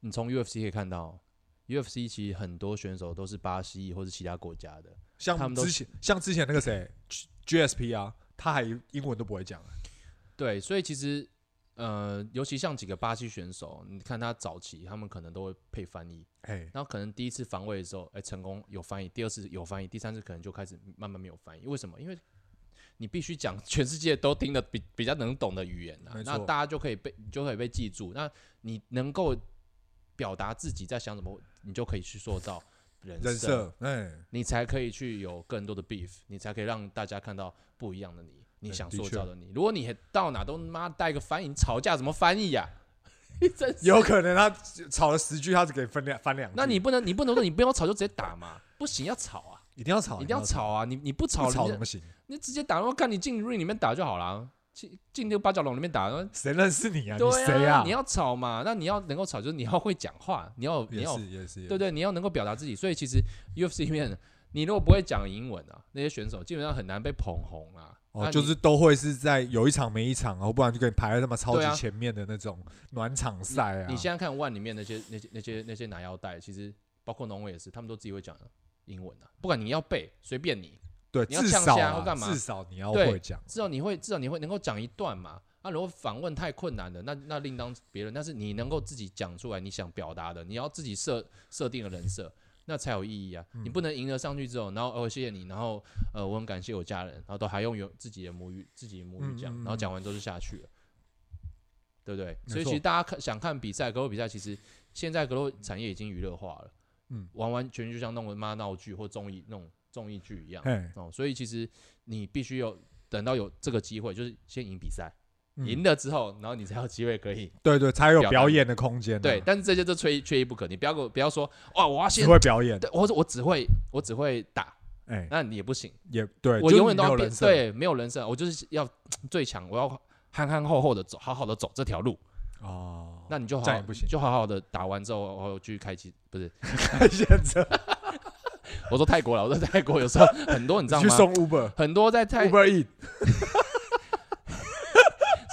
你從 UFC 可以看到。UFC 其實很多選手都是巴西或是其他國家的，像他們之前像之前那個誰 GSP 啊，他還英文都不會講、欸。對，所以其實呃，尤其像幾個巴西選手，你看他早期他們可能都會配翻譯、欸，然後可能第一次防衛的時候，哎、欸，成功有翻譯，第二次有翻譯，第三次可能就開始慢慢沒有翻譯。為什麼？因為你必須講全世界都聽得比比較能懂的語言啊，那大家就可以被就可以被記住，那你能夠表達自己在想什麼。你就可以去塑造人設、欸，你才可以去有更多的 beef，你才可以讓大家看到不一樣的你，你想塑造的你、嗯，的確。如果你到哪都媽帶個翻譯，你吵架怎麼翻譯呀、啊？ 有可能他吵了十句他以，他可以翻兩翻兩句。那你不能，你不能說你不要吵就直接打嘛？ 不行，要吵啊！一定要吵，一定要吵啊！吵你你不吵，不吵怎麼行？你直接打，我看你進 ring 裡面打就好了。進那個八角籠裡面打，說誰認識你啊？你誰啊，啊？你要吵嘛，那你要能夠吵，就是你要會講話你要，你要，也是，也是，對對，對，你要能夠表達自己。所以其實 UFC 裡面，你如果不會講英文啊，那些選手基本上很難被捧紅啊。哦，就是都會是在有一場沒一場、啊，然後不然就給你排在那麼超級前面的那種暖場賽啊，啊。你現在看 ONE 裡面那些那些那些那些拿腰帶，其實包括農威也是，他們都自己會講英文的、啊，不管你要背，隨便你。對，你要嗆蝦或幹嘛？至少你要會講，至少你會，至少你會能夠講一段嘛。啊，如果訪問太困難的，那那另當別論。但是你能夠自己講出來你想表達的、嗯，你要自己設設定的人設， 那才有意義啊。嗯、你不能贏了上去之後，然後哦、呃、謝謝你，然後呃我很感謝我家人，然後都還用有自己的母語，自己的母語講、嗯嗯嗯，然後講完都是下去了，嗯嗯對不對，對？所以其實大家看想看比賽，格鬥比賽其實現在格鬥產業已經娛樂化了，嗯，完完全全就像弄個媽鬧劇或綜藝弄。綜藝劇一樣，哦，所以其實你必須有等到有這個機會，就是先贏比賽，贏、嗯、了之後，然後你才有機會可以對，對對，才有表演的空間、啊。對，但是這些都缺缺一不可。你不要不要說，哇，我要先會表演，或者我，我只會我只會打，哎、欸，那你也不行，也對我永遠都要變、就是，對，沒有人生，我就是要最強，我要憨憨厚厚的走，好好的走這條路。哦，那你就好，好你就好好的打完之後，我繼續開機，不是開選擇。 我說泰國了，我說泰國有時候很多， 你知道嗎？去送 Uber，很多在泰國 Uber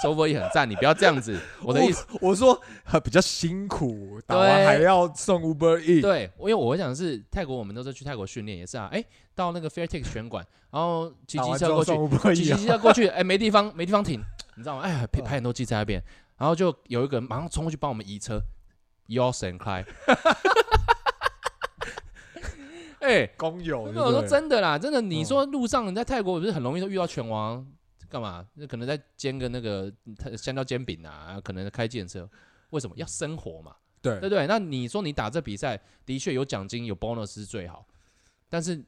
Eats，Uber Eats 很讚，你不要這樣子。我，我的意思，我說比較辛苦，打完還要送 Uber Eats。對，因為我想的是泰國，我們都是去泰國訓練也是啊。哎、欸，到那個 Fairtex 拳館，然後騎機車過去，騎機、啊、車過去，哎、 欸，沒地方，沒地方停，你知道嗎？哎，拍牌都擠在那邊、呃，然後就有一個人馬上衝過去幫我們移車，腰伸開。哎、欸，工友，那我說真的啦，真的，你說路上你在泰國不是很容易都遇到拳王幹嘛？那可能在煎個那個香蕉煎餅啊，可能開計程車，為什麼要生活嘛？對對對，那你說你打這比賽的確有獎金有 bonus 是最好，但是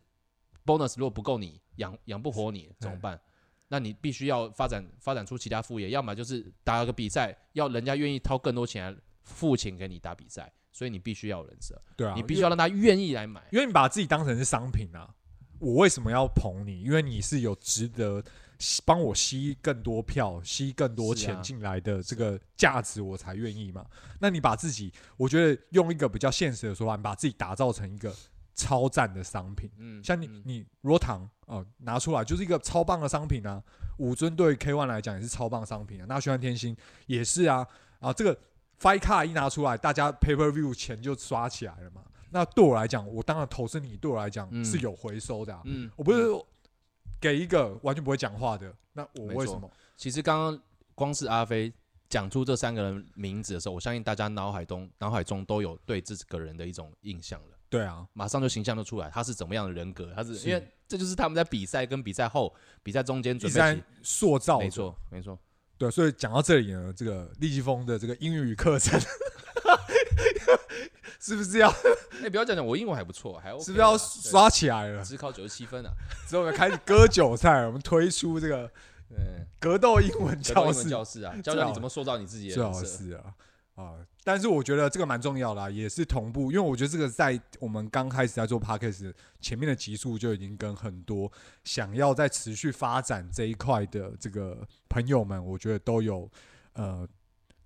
bonus 如果不夠你養養不活你怎麼辦？那你必須要發展發展出其他副業，要麼就是打個比賽，要人家願意掏更多錢來付錢給你打比賽。所以你必須要有人設，對啊，你必須要讓他願意來買因，因為你把自己當成是商品啊。我為什麼要捧你？因為你是有值得吸，幫我吸更多票、吸更多錢進來的這個價值，我才願意嘛、啊。那你把自己，我覺得用一個比較現實的說法，你把自己打造成一個超贊的商品嗯。嗯，像你，你若糖啊拿出來就是一個超棒的商品啊。武尊對 K ONE 來講也是超棒的商品啊。那須川天心也是啊啊、呃、這個。Fight card 一拿出來，大家 pay per view 錢就刷起來了嘛。那對我來講，我當然投資你，對我來講是有回收的、啊嗯。嗯，我不是說給一個完全不會講話的，那我為什麼？其實剛剛光是阿飛講出這三個人名字的時候，我相信大家腦海中腦海中都有對這個人的一種印象了。對啊，馬上就形象的出來，他是怎麼樣的人格？他是，是因為這就是他們在比賽跟比賽後、比賽中間準備塑造的，沒錯，沒錯。對，所以講到這裡呢，這個立技瘋的這個英語課程， 是不是要？哎、欸，不要講講，我英文還不錯，還要、OK、是不是要刷起來了？只考九十七分啊！之後我們開始割韭菜， 我們推出這個格鬥英、英文教室啊，教教你怎麼塑造你自己的。最好是啊。啊但是我覺得這個蠻重要的、啊，也是同步，因為我覺得這個在我們剛開始在做 Podcast 前面的集數就已經跟很多想要在持續發展這一塊的這個朋友們，我覺得都有呃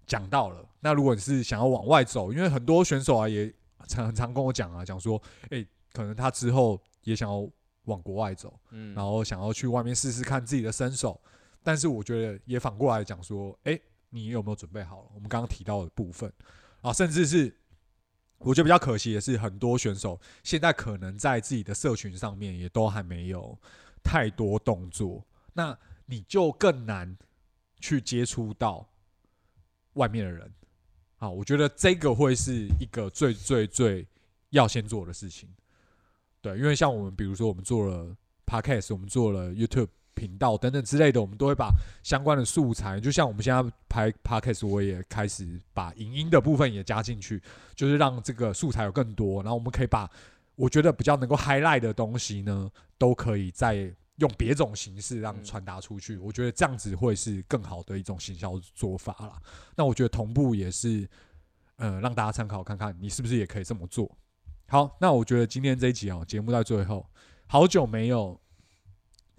講到了。那如果你是想要往外走，因為很多選手啊也常常跟我講啊，講說，誒、欸，可能他之後也想要往國外走，嗯，然後想要去外面試試看自己的身手。但是我覺得也反過來講說，誒、欸。你有沒有準備好了？我們剛剛提到的部分啊，甚至是我覺得比較可惜的是，很多選手現在可能在自己的社群上面也都還沒有太多動作，那你就更難去接觸到外面的人啊。我覺得這個會是一個最最最要先做的事情。對，因為像我們，比如說我們做了 Podcast，我們做了 YouTube。頻道等等之類的，我們都會把相關的素材，就像我們現在拍 p o c a s t 我也開始把影音，音的部分也加進去，就是讓這個素材有更多，然後我們可以把我覺得比較能夠 highlight 的東西呢，都可以再用別種形式讓傳達出去。嗯。我覺得這樣子會是更好的一種行銷做法了。那我覺得同步也是，嗯、呃，讓大家參考看看，你是不是也可以這麼做。好，那我覺得今天這一集啊，哦，節目在最後，好久沒有。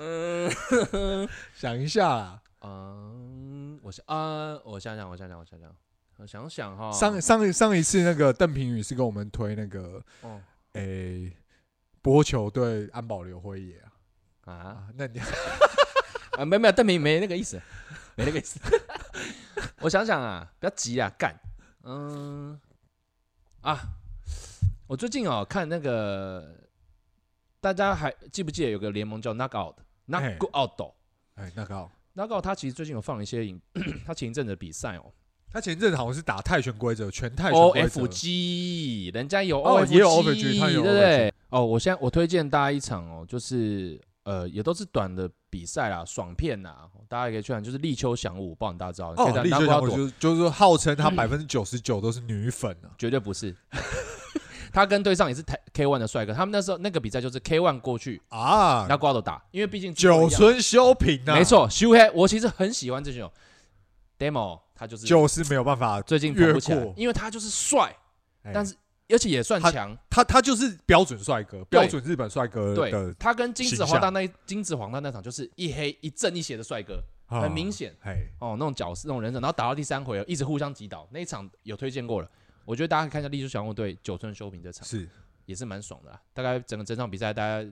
嗯， 想一下啊，嗯，我想啊，我想想，我想想，我想想，我想想哈、哦。上上上一次那個鄧平宇是跟我們推那個，誒、嗯欸，播求對安保瑠輝也啊啊，啊，那你 啊，沒有沒有鄧平沒那個意思， 沒那個意思。 我想想啊，不要急啊，幹，嗯，啊，我最近啊、哦、看那個，大家還記不記得有個聯盟叫 Knockout 那高哦豆，哎，那高那高，他其實最近有放一些影，他前一陣子的比賽哦，他前一陣子好像是打泰拳規則，全泰拳。O F G，人家有 O, o F G，對不對？哦，o, 我現在我推薦大家一場哦，就是呃，也都是短的比賽啦，爽片吶，大家可以去看，就是立秋祥武，不知道你大家知道？欸、哦，立秋翔武就是、嗯就是、號稱他百分之九十九都是女粉啊，絕對不是。 他跟對上也是 K ONE 的帥哥，他們那時候那個比賽就是 K ONE 過去啊，拿瓜豆打，因為畢竟玖村修平啊，沒錯，修黑，我其實很喜歡這種 demo，他就是就是沒有辦法，最近越不錯，因為他就是帥，欸，但是而且也算強，他他，他就是標準帥哥，標準日本帥哥，對，對他跟金子晃大那金子晃大那場就是一黑一正一邪的帥哥，很明顯，嘿、啊欸，哦，那種角色，那種人設，然後打到第三回一直互相擊倒，那一場有推薦過了。我覺得大家可以看一下力修小紅隊九寸修平這場是，是也是蠻爽的啦。大概整個整場比賽，大概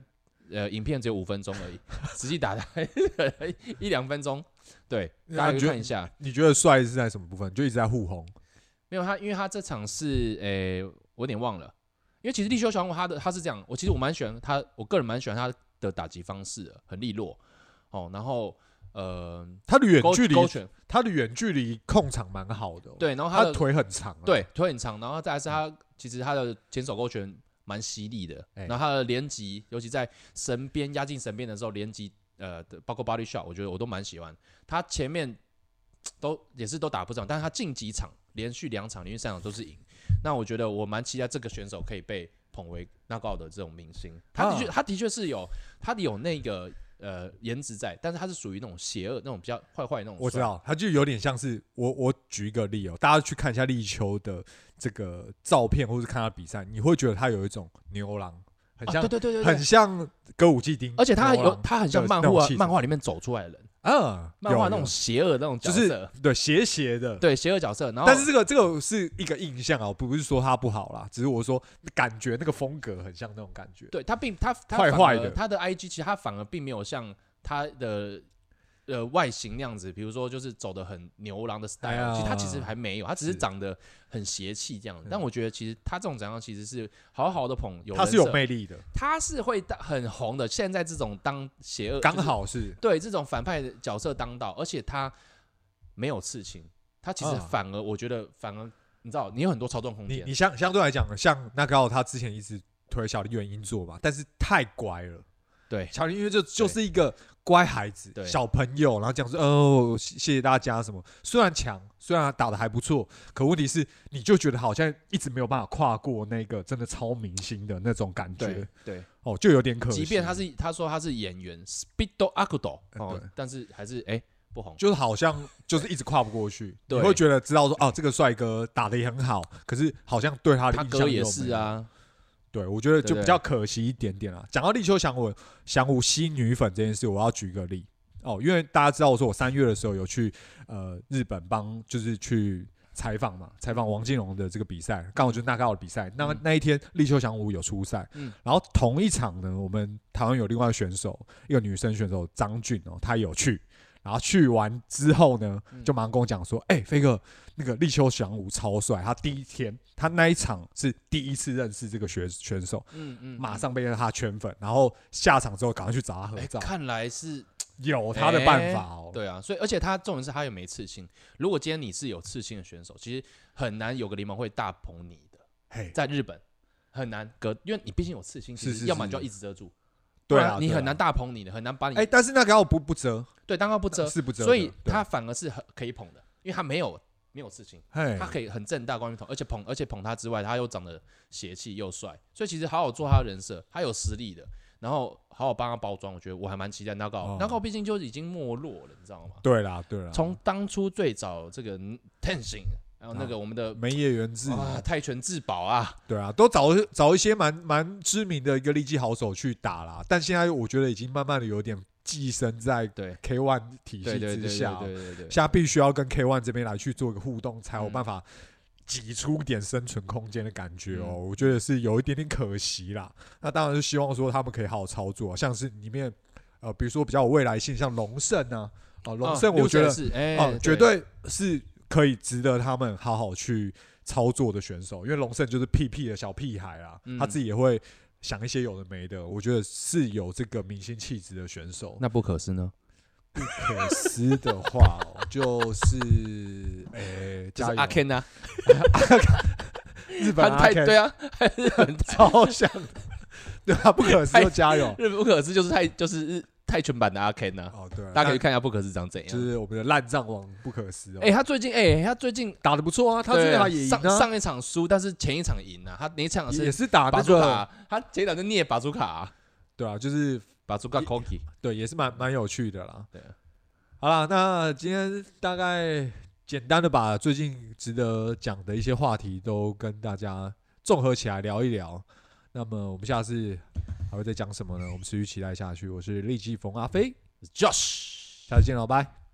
呃，影片只有五分鐘而已，實 際打的 一兩分鐘。對，大家可以看一下。你覺得帥是在什麼部分？就一直在互轟，沒有他，因為他這場是誒、欸，我有點忘了。因為其實力修小紅他的他是這樣，我其實我蠻喜歡他，我個人蠻喜歡他的打擊方式，很利落哦。然後。呃，他的遠距離他的遠距離控場蠻好的、哦。對，然後他,他腿很長，對，腿很長。然後，再來是他、嗯、其實他的前手勾拳蠻犀利的。嗯、然後他的連擊，尤其在繩邊壓進繩邊的時候，連擊呃，包括 body shot，我覺得我都蠻喜歡。他前面都也是都打不上，但是他近幾場連續兩場、連續三場都是贏。 那我覺得我蠻期待這個選手可以被捧為 nagao 的這種明星。他的確，啊、他的確是有，他的有那個。呃，顏值在，但是他是屬於那種邪惡、那種比較壞壞那種。我知道，他就有點像是我，我舉一個例哦，喔，大家去看一下立秋的這個照片，或是看他比賽，你會覺得他有一種牛郎，很像，啊，對對對對，很像歌舞伎町，而且他有他很像漫畫，漫畫裡面走出來的人。啊，漫畫那種邪惡那種角色，有有就是、對，邪邪的，對，邪惡角色。然後，但是這個這個是一個印象啊，我不是說他不好啦，只是我說感覺那個風格很像那種感覺。對，他並他他壞壞的，他的 IG 其實他反而並沒有像他的。呃，外形那樣子，比如說就是走的很牛郎的 style，哎、其實他其實還沒有，他只是長得很邪氣這樣但我覺得其實他這種長相其實是好好的捧有，有他是有魅力的，他是會當很紅的。現在這種當邪惡剛好是、就是、對這種反派的角色當道，而且他沒有刺青，他其實反而我覺得反而、嗯、你知道，你有很多操縱空間。你相相對來講，像那個他之前一直推銷的原因做吧，但是太乖了。對，喬林，因為這就，就是一個乖孩子，小朋友，然後講說，哦、呃，謝謝大家什麼。雖然強，雖然打得還不錯，可問題是，你就覺得好像一直沒有辦法跨過那個真的超明星的那種感覺。對，哦、喔，就有點可惜。即便他是他說他是演員，Speedo Akudo、喔、但是還是哎、欸、不紅，就是好像就是一直跨不過去。對你會覺得知道說，哦、啊，這個帥哥打得也很好，可是好像對他的印象他哥也是啊。對，我覺得就比較可惜一點點啊。講到立秋翔武翔武吸女粉這件事，我要舉個例哦，因為大家知道我說我三月的時候有去呃日本幫，就是去採訪嘛，採訪王金龍的這個比賽，剛、嗯、好就是那高的比賽、嗯。那麼那一天立秋翔武有出賽、嗯，然後同一場呢，我們台灣有另外選手，一個女生選手張俊哦，她有去。然後去完之後呢，就馬上跟我講說：“哎、嗯，飛、欸、哥，那個立秋祥武超帥，他第一天，他那一場是第一次認識這個選選手，嗯嗯，馬上被成他圈粉、嗯。然後下場之後，趕快去找他合照。欸、看來是有他的辦法哦、喔欸。對啊，所以而且他重點是他又沒刺青。如果今天你是有刺青的選手，其實很難有個聯盟會大捧你的。嘿、欸，在日本很難隔，因為你畢竟有刺青，是是，是，要麼就要一直遮住。”對啊，你很難大捧你的，很難把你。哎、欸，但是蛋糕不不折，對蛋糕不那是不折，所以他反而是很可以捧的，因為他沒有沒有事情，他可以很正大光明捧，而且捧而且捧他之外，他又長得邪氣又帥，所以其實好好做他的人設，他有實力的，然後好好幫他包裝，我覺得我還蠻期待那個那個畢竟就已經沒落了，你知道嗎？對啦，對啦，從當初最早這個 tension。啊、那個我們的梅葉自，啊，泰拳自保啊，對啊，都找找一些蠻蠻知名的一個立技好手去打啦，但現在我覺得已經慢慢的有點寄生在 K ONE 體系之下。啊對對對對對對對對，現在必須要跟 K ONE 這邊來去做一個互動，才有辦法擠出點生存空間的感覺哦、嗯。我覺得是有一點點可惜啦。那當然是希望說他們可以好好操作，啊，像是裡面呃，比如說比較有未來性，像龍勝啊，哦，龍勝，我覺得哦、啊欸啊，絕對是。可以值得他們好好去操作的選手，因為龍勝就是屁屁的小屁孩啊、嗯，他自己也會想一些有的沒的。我覺得是有這個明星氣質的選手，那不可思呢？不可思的話哦， 就是誒、欸，加油、阿 Ken、就是、啊， 日本他太對啊，日本超像，對啊，是 不可思就加油，日不可思就是太就是日。泰拳版的阿 Ken、啊哦啊、大家可以看一下 Buakaw 長怎樣，就是我們的爛仗王 Buakaw。哎、欸，他最近哎、欸，他最近打的不錯啊，他最近還、啊啊、上上一場輸，但是前一場贏吶、啊。他那一場是也是打那個？他前一場是捏巴祖卡、啊，對啊，就是巴祖卡空 o n 對，也是蠻蠻有趣的啦。對、啊，好了，那今天大概簡單的把最近值得講的一些話題都跟大家綜合起來聊一聊。那麼我們下次。還會再講什麼呢？我們持續期待下去我。我是立技瘋阿飛，我是 Josh，下次見了，拜拜。